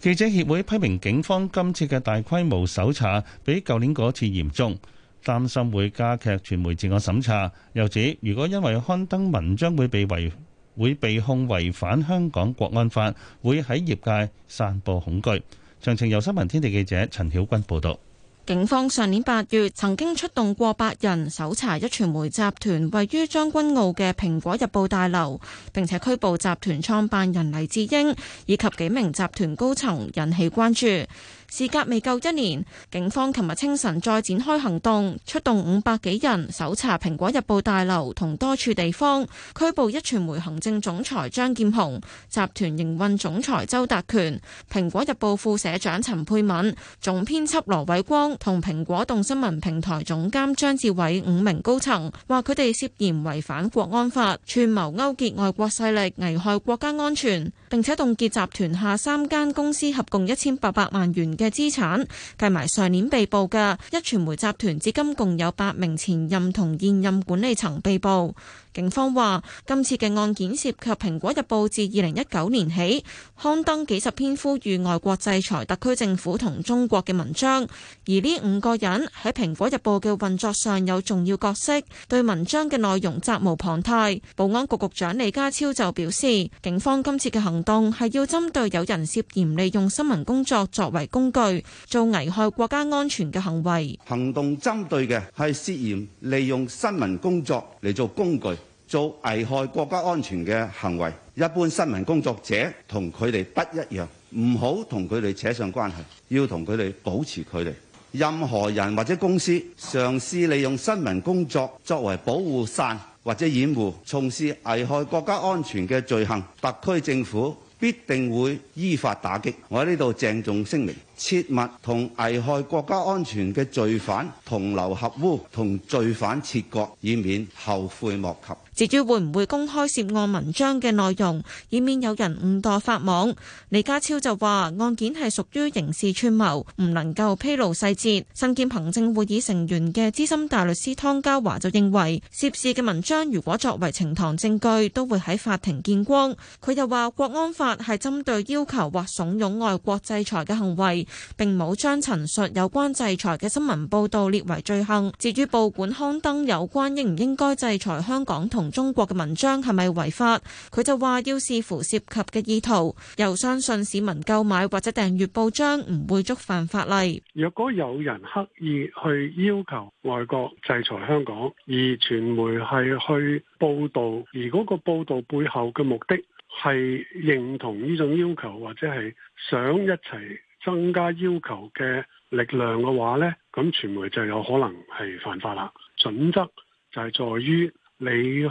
記者協會批評警方今次嘅大規模搜查比舊年嗰次嚴重，擔心會加劇傳媒自我審查。又指如果因為刊登文章會被違會被控違反香港國安法，會喺業界散播恐懼。詳情由新聞天地記者陳曉君報道。警方上年八月曾經出動過百人搜查一傳媒集團位於將軍澳嘅《蘋果日報》大樓，並且拘捕集團創辦人黎智英以及幾名集團高層，引起關注。事隔未夠一年，警方琴日清晨再展開行動，出動五百幾人搜查《蘋果日報》大樓同多處地方，拘捕壹傳媒行政總裁張劍虹、集團營運總裁周達權、《蘋果日報》副社長陳沛敏、總編輯羅偉光同《蘋果動新聞》平台總監張志偉五名高層，話佢哋涉嫌違反國安法，串謀勾結外國勢力，危害國家安全，並且凍結集團下三間公司合共一千八百萬元嘅資產，計埋上年被捕嘅壹傳媒集團，至今共有八名前任同現任管理層被捕。警方話：今次嘅案件涉及《蘋果日報》自二零一九年起刊登幾十篇呼籲外國制裁特區政府同中國嘅文章，而呢五個人喺《蘋果日報》嘅運作上有重要角色，對文章嘅內容責無旁貸。保安局局長李家超就表示，警方今次嘅行動係要針對有人涉嫌利用新聞工作作為工具，做危害國家安全嘅行為。行動針對嘅係涉嫌利用新聞工作嚟做工具，做危害國家安全嘅行為，一般新聞工作者同佢哋不一樣，唔好同佢哋扯上關係，要同佢哋保持距離，任何人或者公司嘗試利用新聞工作作為保護傘或者掩護從事危害國家安全嘅罪行，特區政府必定會依法打擊，我喺呢度鄭重聲明：切勿同危害國家安全嘅罪犯同流合污，同罪犯切割，以免後悔莫及。至於會唔會公開涉案文章嘅內容，以免有人誤墮法網，李家超就話案件係屬於刑事串謀，唔能夠披露細節。身兼行政會議成員嘅資深大律師湯家驊就認為，涉事嘅文章如果作為呈堂證據，都會喺法庭見光。佢又話，國安法係針對要求或慫恿外國制裁嘅行為，並冇將陳述有關制裁嘅新聞報導列為罪行。至於報館刊登有關應唔應該制裁香港同中國嘅文章係咪違法？佢就話要視乎涉及嘅意圖，又相信市民購買或者訂閱報章唔會觸犯法例。若果有人刻意去要求外國制裁香港，而傳媒係去報道，如果個報道背後嘅目的係認同呢種要求，或者係想一齊增加要求嘅力量嘅話咧，咁傳媒就有可能係犯法啦。準則就係在於。你去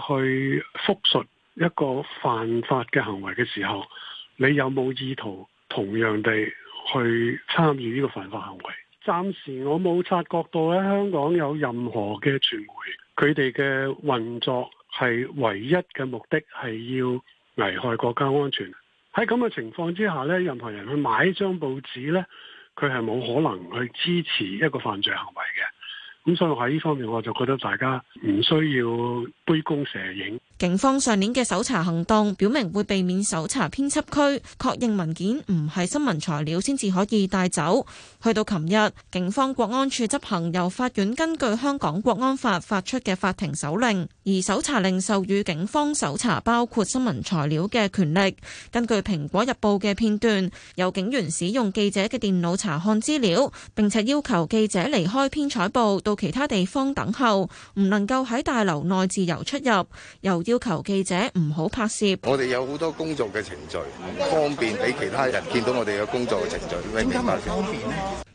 復述一個犯法嘅行為嘅時候，你有冇意圖同樣地去參與呢個犯法行為？暫時我冇察覺到喺香港有任何嘅傳媒，佢哋嘅運作係唯一嘅目的係要危害國家安全。喺咁嘅情況之下咧，任何人去買張報紙咧，佢係冇可能去支持一個犯罪行為嘅。咁所以喺呢方面，我就覺得大家唔需要杯弓蛇影。警方上年嘅搜查行動表明會避免搜查編輯區，確認文件唔係新聞材料先至可以帶走。去到琴日，警方國安處執行由法院根據香港國安法發出嘅法庭手令，而搜查令授予警方搜查包括新聞材料嘅權力。根據蘋果日報嘅片段，有警員使用記者嘅電腦查看資料，並且要求記者離開編採部到其他地方等候，唔能夠喺大樓內自由出入，又要求記者唔好拍攝。我哋有好多工作嘅程序，唔方便俾其他人見到我哋嘅工作嘅程序。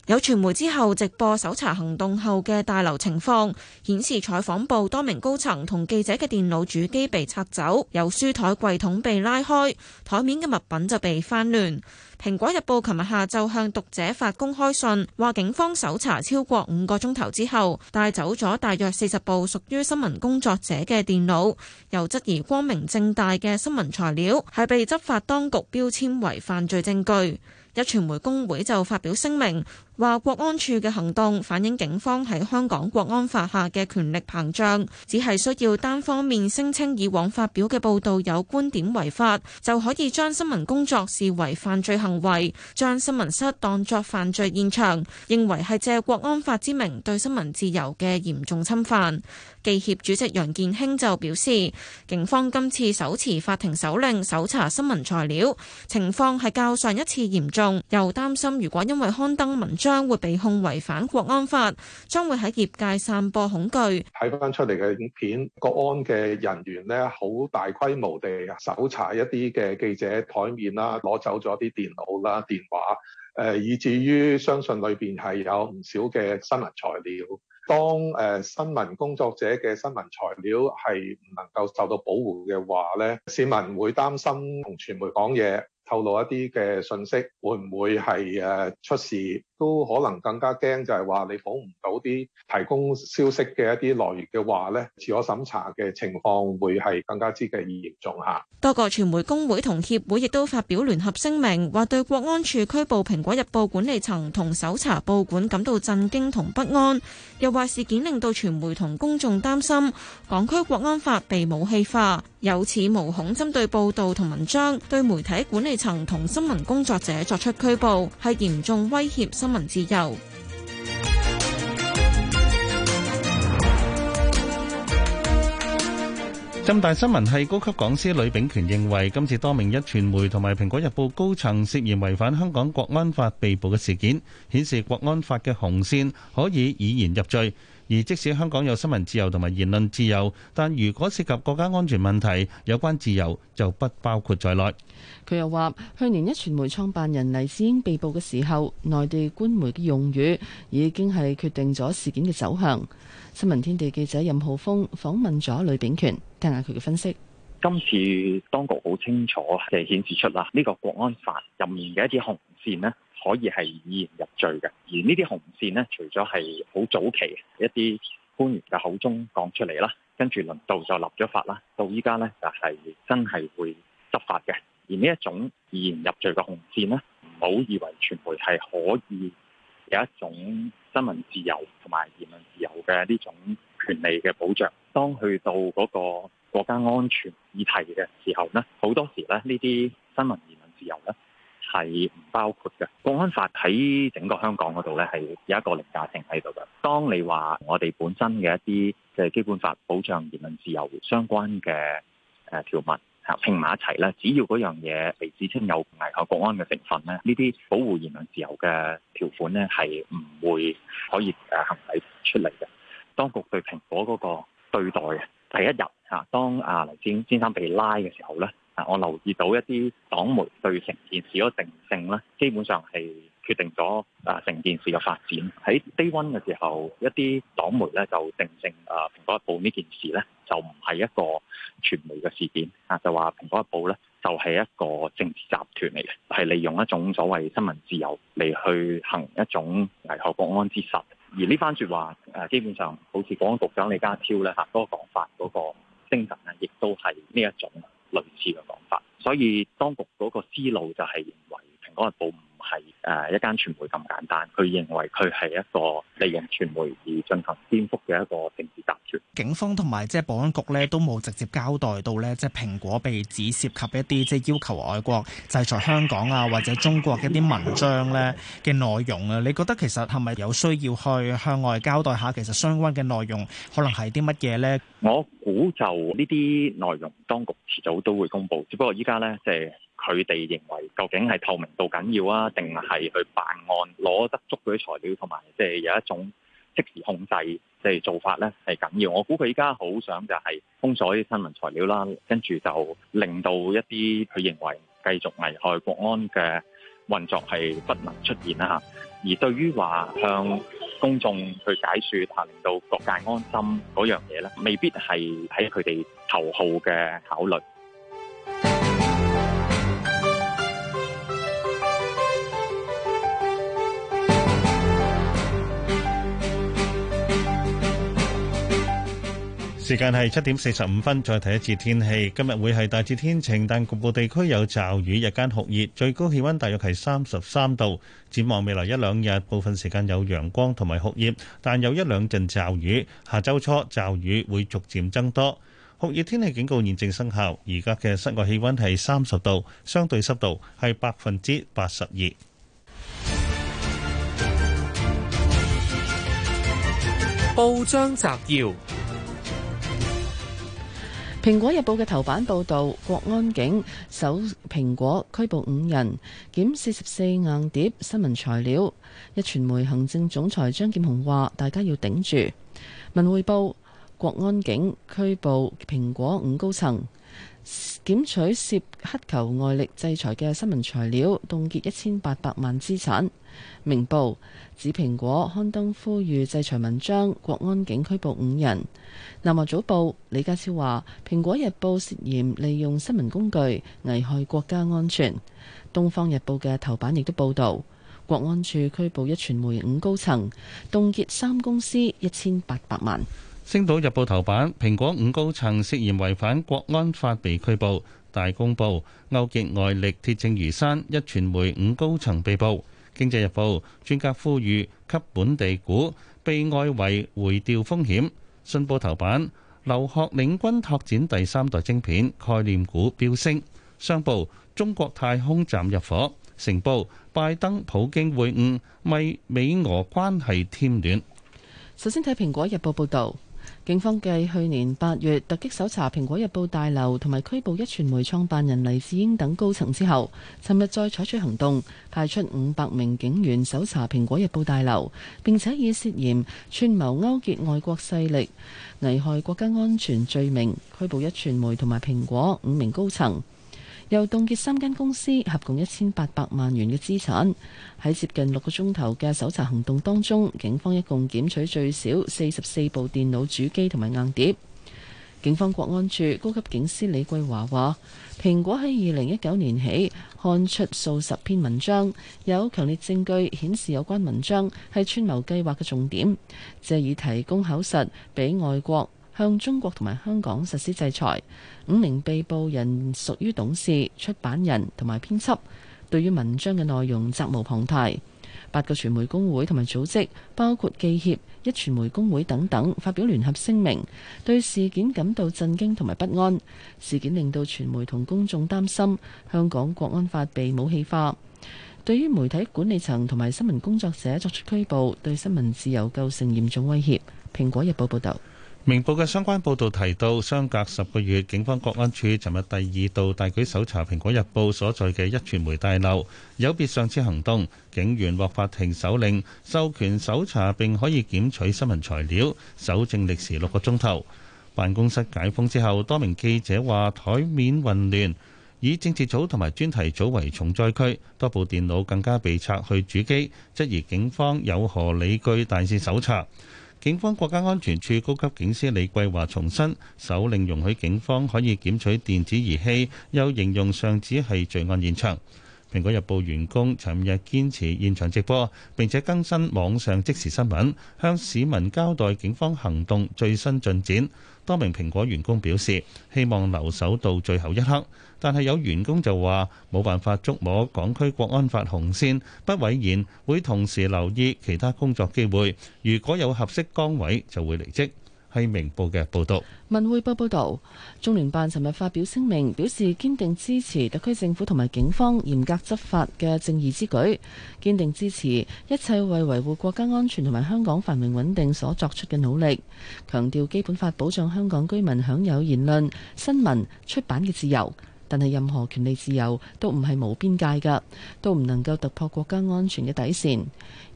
有傳媒之後直播搜查行動後嘅大樓情況，顯示採訪部多名高層同記者嘅電腦主機被拆走，有書台櫃桶被拉開，台面嘅物品就被翻亂。《蘋果日報》琴日下晝向讀者發公開信，話警方搜查超過五個鐘頭之後，帶走咗大約四十部屬於新聞工作者嘅電腦，又質疑光明正大嘅新聞材料係被執法當局標籤為犯罪證據。有傳媒工會就發表聲明。話國安處嘅行動反映警方喺香港國安法下嘅權力膨脹，只係需要單方面聲稱以往發表嘅報道有觀點違法，就可以將新聞工作視為犯罪行為，將新聞室當作犯罪現場，認為係借國安法之名對新聞自由嘅嚴重侵犯。記協主席楊健興就表示，警方今次手持法庭手令搜查新聞材料，情況係較上一次嚴重，又擔心如果因為刊登文章，將會被控違反國安法，將會喺業界散播恐懼。睇翻出嚟嘅影片，國安嘅人員咧，好大規模地搜查一啲嘅記者台面啦，攞走咗啲電腦啦、電話，誒，以至於相信裏邊係有唔少嘅新聞材料。當誒新聞工作者嘅新聞材料係唔能夠受到保護嘅話咧，市民會擔心同傳媒講嘢、透露一啲嘅信息，會唔會，係誒出事？都可能更加驚，就係話你保唔到啲提供消息嘅一啲來源嘅話，呢自我審查嘅情況會係更加之嘅嚴重吓。多個傳媒工會同協會亦都發表聯合聲明，話對國安處拘捕蘋果日報管理層同搜查報館感到震驚同不安，又話事件令到傳媒同公眾擔心港區國安法被武器化，有恃無恐針對報道同文章，對媒體管理層同新聞工作者作出拘捕係嚴重威脅。新新聞自由。浸大新聞系高級講師呂秉權認為，今次多名壹傳媒同埋蘋果日報高層涉嫌違反香港國安法被捕嘅事件，顯示國安法嘅紅線可以以言入罪。而即使香港有新聞自由同埋言論自由，但如果涉及國家安全問題，有關自由就不包括在內。佢又話：去年一傳媒創辦人黎智英被捕嘅時候，內地官媒嘅用語已經係決定咗事件嘅走向。新聞天地記者任浩峰訪問咗呂秉權，聽下佢嘅分析。今次當局好清楚，係顯示出啦，呢、這個《國安法》入面嘅一啲紅線呢，可以係以言入罪嘅。而呢啲紅線呢，除咗係好早期一啲官員嘅口中講出嚟啦，跟住輪到就立咗法啦，到依家呢，就係真係會執法嘅。而呢一種因言入罪嘅紅線呢，唔好以為傳媒係可以有一種新聞自由同埋言論自由嘅呢種權利嘅保障。當去到嗰個國家安全議題嘅時候呢，好多時咧，呢啲新聞言論自由呢係唔包括嘅。《國安法》喺整個香港嗰度呢係有一個凌駕性喺度嘅。當你話我哋本身嘅一啲嘅基本法保障言論自由相關嘅誒條文。拼埋一齊咧，只要嗰樣嘢被指稱有危害國安嘅成分咧，呢啲保護言論自由嘅條款咧係唔會可以誒行使出嚟嘅。當局對蘋果嗰、那個對待嘅第一日嚇，當阿黎堅先生被拉嘅時候咧，我留意到一啲黨媒對成件事嗰個定性咧，基本上係。決定咗啊，成件事嘅發展喺低 a 嘅時候，一啲黨媒咧就定性啊，《蘋果一報》呢件事咧就唔係一個傳媒嘅事件啊，就話《蘋果一報》咧就係、是、一個政治集團嚟嘅，係利用一種所謂新聞自由嚟去行一種危害國安之實。而呢番說話誒，基本上好似保安局長李家超咧吓嗰個講法嗰個精神咧，亦都係呢一種類似嘅講法。所以當局嗰個思路就係認為。嗰個報唔係誒一間傳媒咁簡單，佢認為佢係一個利用傳媒而進行顛覆嘅一個政治集團。警方同埋即係保安局咧，都冇直接交代到咧，即係蘋果被指涉及一啲即係要求外國制裁香港啊，或者中國一啲文章咧嘅內容啊。 *laughs* 你覺得其實係咪有需要去向外交代下，其實相關嘅內容可能係啲乜嘢咧？我估就呢啲內容，當局遲早都會公布，只不過依家咧即係。佢哋認為究竟係透明度緊要啊，定係去辦案攞得足嗰啲材料，同埋即係有一種即時控制即係做法呢係緊要。我估佢依家好想就係封鎖啲新聞材料啦，跟住就令到一啲佢認為繼續危害國安嘅運作係不能出現啦嚇。而對於話向公眾去解説，令到各界安心嗰樣嘢呢，未必係喺佢哋頭號嘅考慮。時間係七點四十五分，再睇一次天氣。今日會係大致天晴，但局部地區有驟雨，日間酷熱，最高氣溫大約係三十三度。展望未來一兩日，部分時間有陽光同埋酷熱，但有一兩陣驟雨。下周初驟雨會逐漸增多，酷熱天氣警告現正生效。而家嘅室外氣溫係三十度，相對濕度係百分之八十二。報章摘要。《蘋果日報》嘅頭版報導，國安警搜蘋果拘捕五人，檢四十四硬碟新聞材料。壹傳媒行政總裁張劍虹話，大家要頂住。文匯報：國安警拘捕蘋果五高層。檢取涉乞求外力制裁嘅新聞材料，凍結一千八百萬資產。明報指蘋果刊登呼籲制裁文章，國安警拘捕五人。南華早報李家超話：蘋果日報涉嫌利用新聞工具危害國家安全。《東方日報》嘅頭版亦都報導，國安處拘捕壹傳媒五高層，凍結三公司一千八百萬。《星島日報》頭版：蘋果五高層涉嫌違反國安法被拘捕；大公報：勾結外力鐵證如山；一傳媒五高層被捕。《經濟日報》專家呼籲吸本地股，被外圍回調風險。《信報》頭版：劉鶴領軍拓展第三代晶片概念股飆升。商報：中國太空站入伙。成報：拜登普京會晤為美俄關係添亂。首先睇《蘋果日報》報道。警方繼去年八月突擊搜查《蘋果日報》大樓同埋拘捕一傳媒創辦人黎智英等高層之後，尋日再採取行動，派出五百名警員搜查《蘋果日報》大樓，並且以涉嫌串謀勾結外國勢力、危害國家安全罪名拘捕一傳媒同埋蘋果五名高層。又凍結三間公司合共一千八百萬元嘅資產。喺接近六個鐘頭嘅搜查行動當中，警方一共檢取最少四十四部電腦主機同埋硬碟。警方國安處高級警司李桂華話，蘋果喺二零一九年起刊出數十篇文章，有強烈證據顯示有關文章係串謀計劃嘅重點，借以提供口實俾外國，向中國同埋香港實施制裁。五名被捕人屬於董事、出版人同埋編輯，對於文章嘅內容責無旁貸。八個傳媒工會同埋組織，包括記協、一傳媒工會等等，發表聯合聲明，對事件感到震驚同埋不安。事件令到傳媒同公眾擔心香港國安法被武器化。對於媒體管理層同埋新聞工作者作出拘捕，對新聞自由構成嚴重威脅。《蘋果日報》報導。明報嘅相關報導提到，相隔十個月，警方國安處尋日第二度大舉搜查《蘋果日報》所在嘅壹傳媒大樓。有別上次行動，警員獲法庭手令授權搜查並可以檢取新聞材料，搜證歷時六個鐘頭。辦公室解封之後，多名記者話台面混亂，以政治組同埋專題組為重災區，多部電腦更加被拆去主機，質疑警方有何理據大肆搜查。警方國家安全處高級警司李桂華重申，手令容許警方可以檢取電子儀器，又形容上址係罪案現場。蘋果日報員工尋日堅持現場直播，並且更新網上即時新聞，向市民交代警方行動最新進展。多名蘋果員工表示，希望留守到最後一刻。但係有員工就話冇辦法捉摸港區國安法紅線，不諱言會同時留意其他工作機會。如果有合適崗位就會離職。係明報嘅報導，文匯報報導，中聯辦尋日發表聲明，表示堅定支持特區政府同埋警方嚴格執法嘅正義之舉，堅定支持一切為維護國家安全同埋香港繁榮穩定所作出嘅努力，強調基本法保障香港居民享有言論、新聞、出版嘅自由。但係任何權利自由都唔係冇邊界㗎，都唔能夠突破國家安全嘅底線。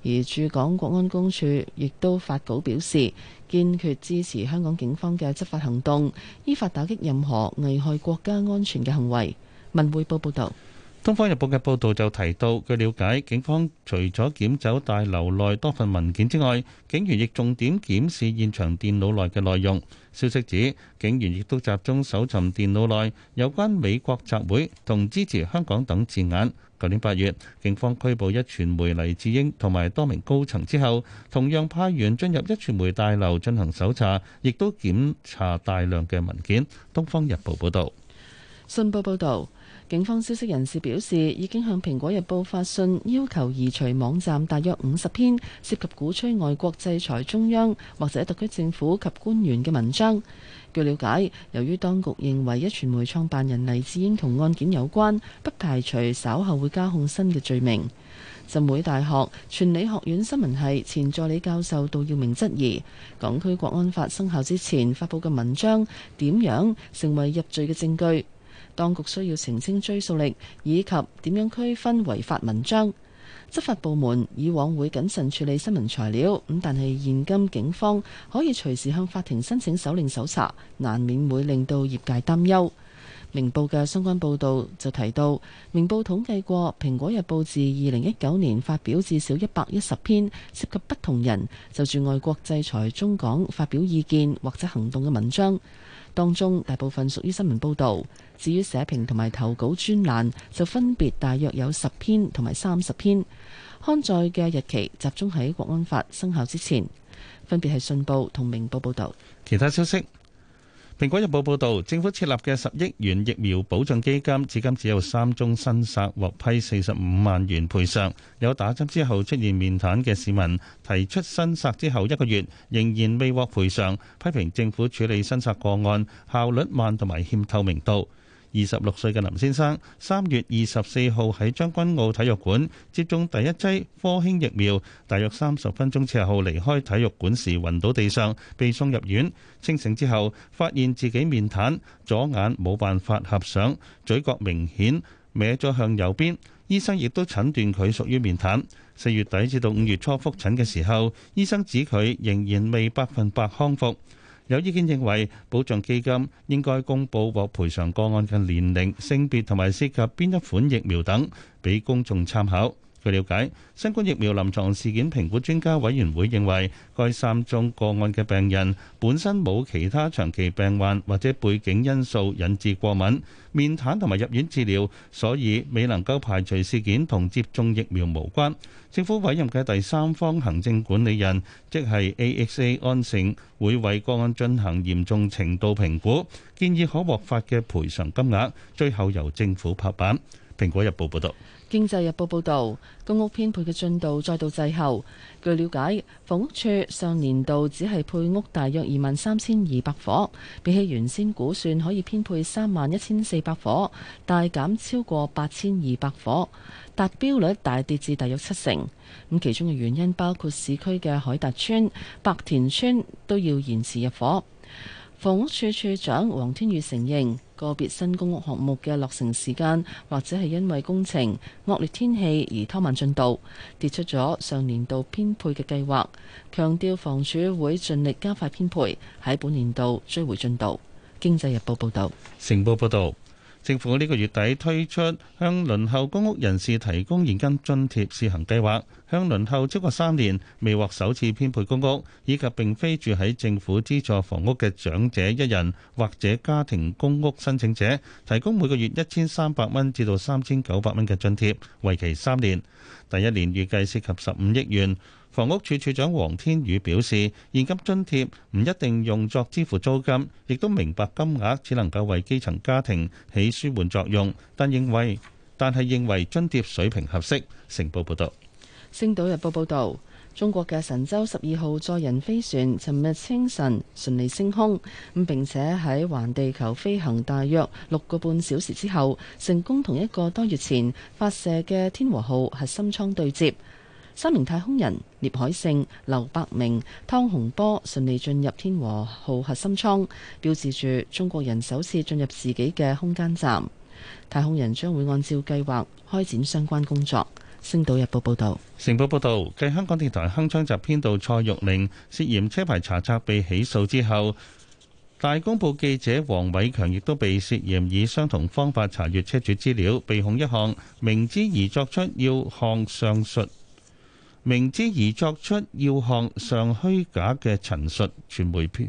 而駐港國安公署亦都發稿表示，堅決支持香港警方嘅執法行動，依法打擊任何危害國家安全嘅行為。文匯報報導，《東方日報》嘅報導就提到，據了解，警方除咗檢走大樓內多份文件之外，警員亦重點檢視現場電腦內嘅內容。消息指，警員亦都集中搜尋電腦內有關美國集會同支持香港等字眼。舊年八月，警方拘捕一傳媒黎智英同埋多名高層之後，同樣派員進入一傳媒大樓進行搜查，亦都檢查大量嘅文件。《東方日報》報道。《新報》報導。警方消息人士表示，已經向《蘋果日報》發信要求移除網站大約五十篇涉及鼓吹外國制裁中央或者特區政府及官員嘅文章。據了解，由於當局認為一傳媒創辦人黎智英同案件有關，不排除稍後會加控新嘅罪名。浸會大學傳理學院新聞系前助理教授杜耀明質疑，港區國安法生效之前發佈嘅文章點樣成為入罪嘅證據。當局需要澄清追訴力以及點樣區分違法文章。執法部門以往會謹慎處理新聞材料，咁但係現今警方可以隨時向法庭申請手令搜查，難免會令到業界擔憂。明報嘅相關報導就提到，明報統計過，《蘋果日報》自二零一九年發表至少一百一十篇涉及不同人就住外國制裁中港發表意見或者行動嘅文章。當中大部分屬於新聞報導，至於社評同埋投稿專欄就分別大約有十篇同埋三十篇，刊載嘅日期集中喺國安法生效之前，分別係信報同明報報導。其他消息。《蘋果日報》報導，政府設立嘅十億元疫苗保障基金，至今只有三宗申索獲批四十五萬元賠償。有打針之後出現面癱嘅市民提出申索之後一個月仍然未獲賠償，批評政府處理申索個案效率慢同埋欠透明度。二十六歲嘅林先生，三月二十四號喺將軍澳體育館接種第一劑科興疫苗，大約三十分鐘之後離開體育館時，暈倒地上，被送入院。清醒之後，發現自己面癱，左眼冇辦法合上，嘴角明顯歪咗向右邊。醫生亦都診斷佢屬於面癱。四月底至到五月初覆診嘅時候，醫生指佢仍然未百分百康復。有意見認為，保障基金應該公佈獲賠償個案嘅年齡、性別同埋涉及邊一款疫苗等，俾公眾參考。據了解，新冠疫苗臨床事件評估專家委員會認為，該三宗個案嘅病人本身冇其他長期病患或者背景因素引致過敏、面癱同埋入院治療，所以未能夠排除事件同接種疫苗無關。政府委任嘅第三方行政管理人，即係 AXA 安盛，會為個案進行嚴重程度評估，建議可獲發嘅賠償金額，最後由政府拍板。《蘋果日報》報導。《經濟日報》報導，公屋編配嘅進度再度滯後。據了解，房屋處上年度只係配屋大約二萬三千二百伙，比起原先估算可以編配三萬一千四百伙，大減超過八千二百伙，達標率大跌至大約七成。咁其中嘅原因包括市區嘅海達邨、白田邨都要延遲入伙。房屋處處長黃天宇承認。個別新公屋項目嘅落成時間，或者係因為工程惡劣天氣而拖慢進度，跌出咗上年度編配嘅計劃。強調房署會盡力加快編配，喺本年度追回進度。經濟日報報道，成報報道。政府呢個月底推出向輪候公屋人士提供現金津貼試行計劃，向輪候超過三年未獲首次編配公屋，以及並非住喺政府資助房屋嘅長者一人或者家庭公屋申請者，提供每個月一千三百蚊至到三千九百蚊嘅津貼，為期三年。第一年預計涉及十五億元。房屋署署長黃天宇表示，現金津貼唔一定用作支付租金，亦都明白金額只能夠為基層家庭起舒緩作用，但認為但係認為津貼水平合適。成報報導，《星島日報》報道，中國嘅神舟十二號載人飛船尋日清晨順利升空，咁並且喺環地球飛行大約六個半小時之後，成功同一個多月前發射嘅天和號核心艙對接。三名太空人聶海勝、劉伯明、湯洪波順利進入天和號核心艙，標誌住中國人首次進入自己嘅空間站。太空人將會按照計劃開展相關工作。星島日報報道，成報報道，繼香港電台鏗鏘集編導蔡玉玲涉嫌車牌查冊被起訴之後，大公報記者黃偉強亦都被涉嫌以相同方法查閱車主資料，被控一項明知而作出要項上述明知而作出要項上虛假嘅陳述，傳媒票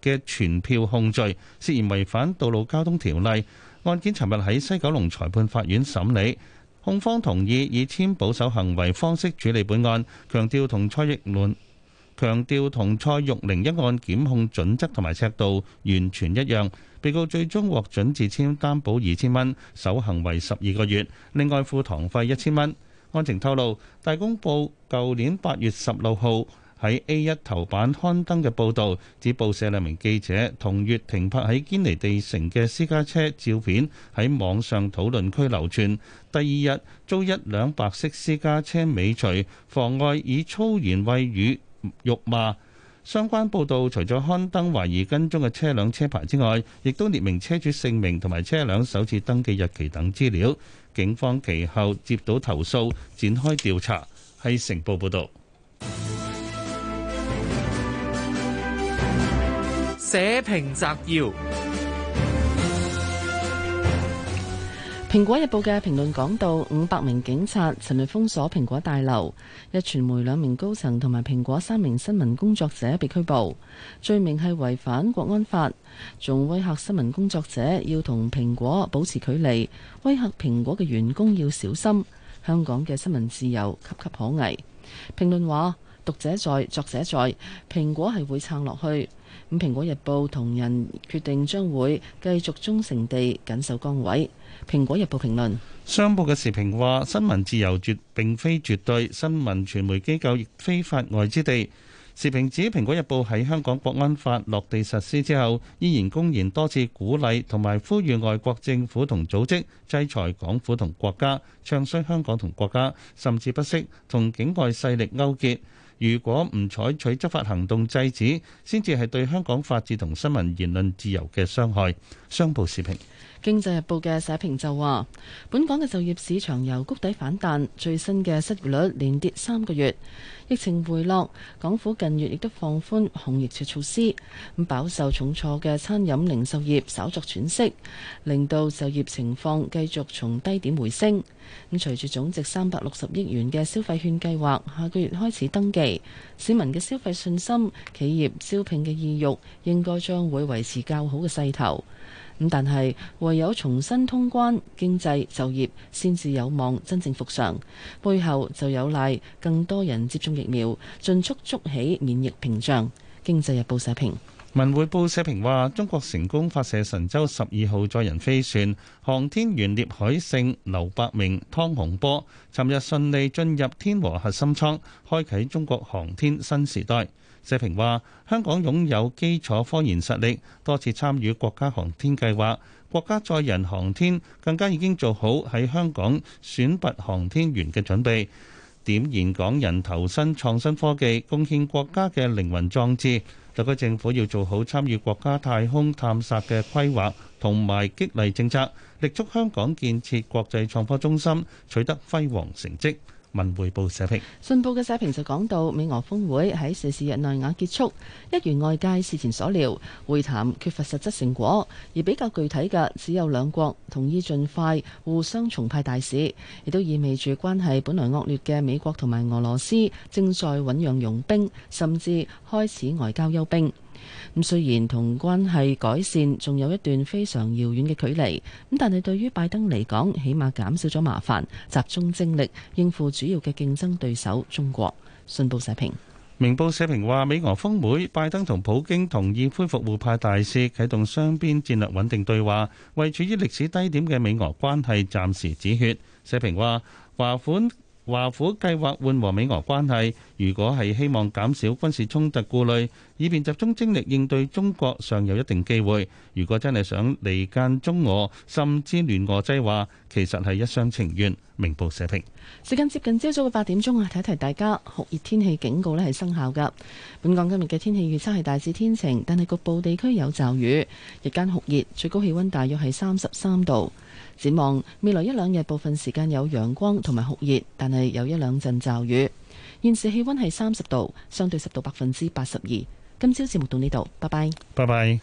嘅全票控罪，涉嫌違反道路交通條例。案件尋日喺西九龍裁判法院審理，控方同意以簽保守行為方式處理本案，強調同蔡亦滿強調同蔡玉玲一案件檢控準則同埋尺度完全一樣。被告最終獲准自簽擔保二千蚊，守行為十二個月，另外付堂費一千蚊。案情透露，大公報舊年八月十六號喺 A 一頭版刊登嘅報導，指報社兩名記者同月停泊喺堅尼地城嘅私家車照片喺網上討論區流傳。第二日遭一輛白色私家車尾隨，妨礙以粗言穢語辱罵。相關報導除咗刊登懷疑跟蹤嘅車輛車牌之外，亦都列明車主姓名同埋車輛首次登記日期等資料。警方其後接到投訴，展開調查。喺成報報導。社評摘要。《蘋果日報》嘅評論講到五百名警察尋日封鎖蘋果大樓，壹傳媒兩名高層同埋蘋果三名新聞工作者被拘捕，罪名係違反國安法，仲威嚇新聞工作者要同蘋果保持距離，威嚇蘋果嘅員工要小心。香港嘅新聞自由岌岌可危。評論話讀者在，作者在，蘋果係會撐落去。咁《蘋果日報》同人決定將會繼續忠誠地緊守崗位。《蘋果日報》評論，商報嘅時評話：新聞自由絕並非絕對，新聞傳媒機構亦非法外之地。時評指《蘋果日報》喺香港國安法落地實施之後，依然公然多次鼓勵同埋呼籲外國政府同組織制裁港府同國家，唱衰香港同國家，甚至不惜同境外勢力勾結。如果唔採取執法行動制止，先至係對香港法治同新聞言論自由嘅傷害。商報時評。經濟日報嘅社評就話：本港嘅就業市場由谷底反彈，最新嘅失業率連跌三個月。疫情回落，港府近月亦都放寬控疫措施，咁飽受重挫嘅餐飲零售業稍作喘息，令到就業情況繼續從低點回升。咁隨住總值三百六十億元嘅消費券計劃下個月開始登記，市民嘅消費信心、企業招聘嘅意欲應該將會維持較好嘅勢頭。咁但係唯有重新通關，經濟就業先至有望真正復常，背後就有賴更多人接種疫苗，盡速築起免疫屏障。經濟日報社評，文匯報社評話，中國成功發射神舟十二號載人飛船，航天員聶海勝、劉伯明、湯洪波尋日順利進入天和核心艙，開啟中國航天新時代。社評話：香港擁有基礎科研實力，多次參與國家航天計劃，國家載人航天更加已經做好喺香港選拔航天員嘅準備，點燃港人投身創新科技、貢獻國家嘅凌雲壯志。特區政府要做好參與國家太空探索嘅規劃同埋激勵政策，力促香港建設國際創科中心，取得輝煌成績。文匯報社評，信報嘅社評就講到，美俄峰會喺四,四日內瓦結束，一如外界事前所料，會談缺乏實質成果，而比較具體嘅只有兩國同意盡快互相重派大使，亦都意味住關係本來惡劣嘅美國同埋俄羅斯正在醞釀融冰，甚至開始外交休兵。咁雖然同關係改善仲有一段非常遙遠嘅距離，咁但係對於拜登嚟講，起碼減少咗麻煩，集中精力應付主要嘅競爭對手中國。信報社評，明報社評話，美俄峰會，拜登同普京同意恢復互派大使，啟動雙邊戰略穩定對話，為處於歷史低點嘅美俄關係暫時止血。社評話，華款。華府計劃緩和美俄關係，如果係希望減少軍事衝突顧慮，以便集中精力應對中國，尚有一定機會。如果真係想離間中俄，甚至聯俄制華，其實係一廂情願。明報社評。時間接近朝早嘅八點鐘啊，提提大家酷熱天氣警告咧係生效噶。本港今日嘅天氣預測係大致天晴，但係局部地區有驟雨，日間酷熱，最高氣溫大約係三十三度。展望未來一兩日，部分時間有陽光同埋酷熱，但係有一兩陣驟雨。現時氣温係三十度，相對濕度百分之八十二。今朝節目到呢度，拜拜，拜拜。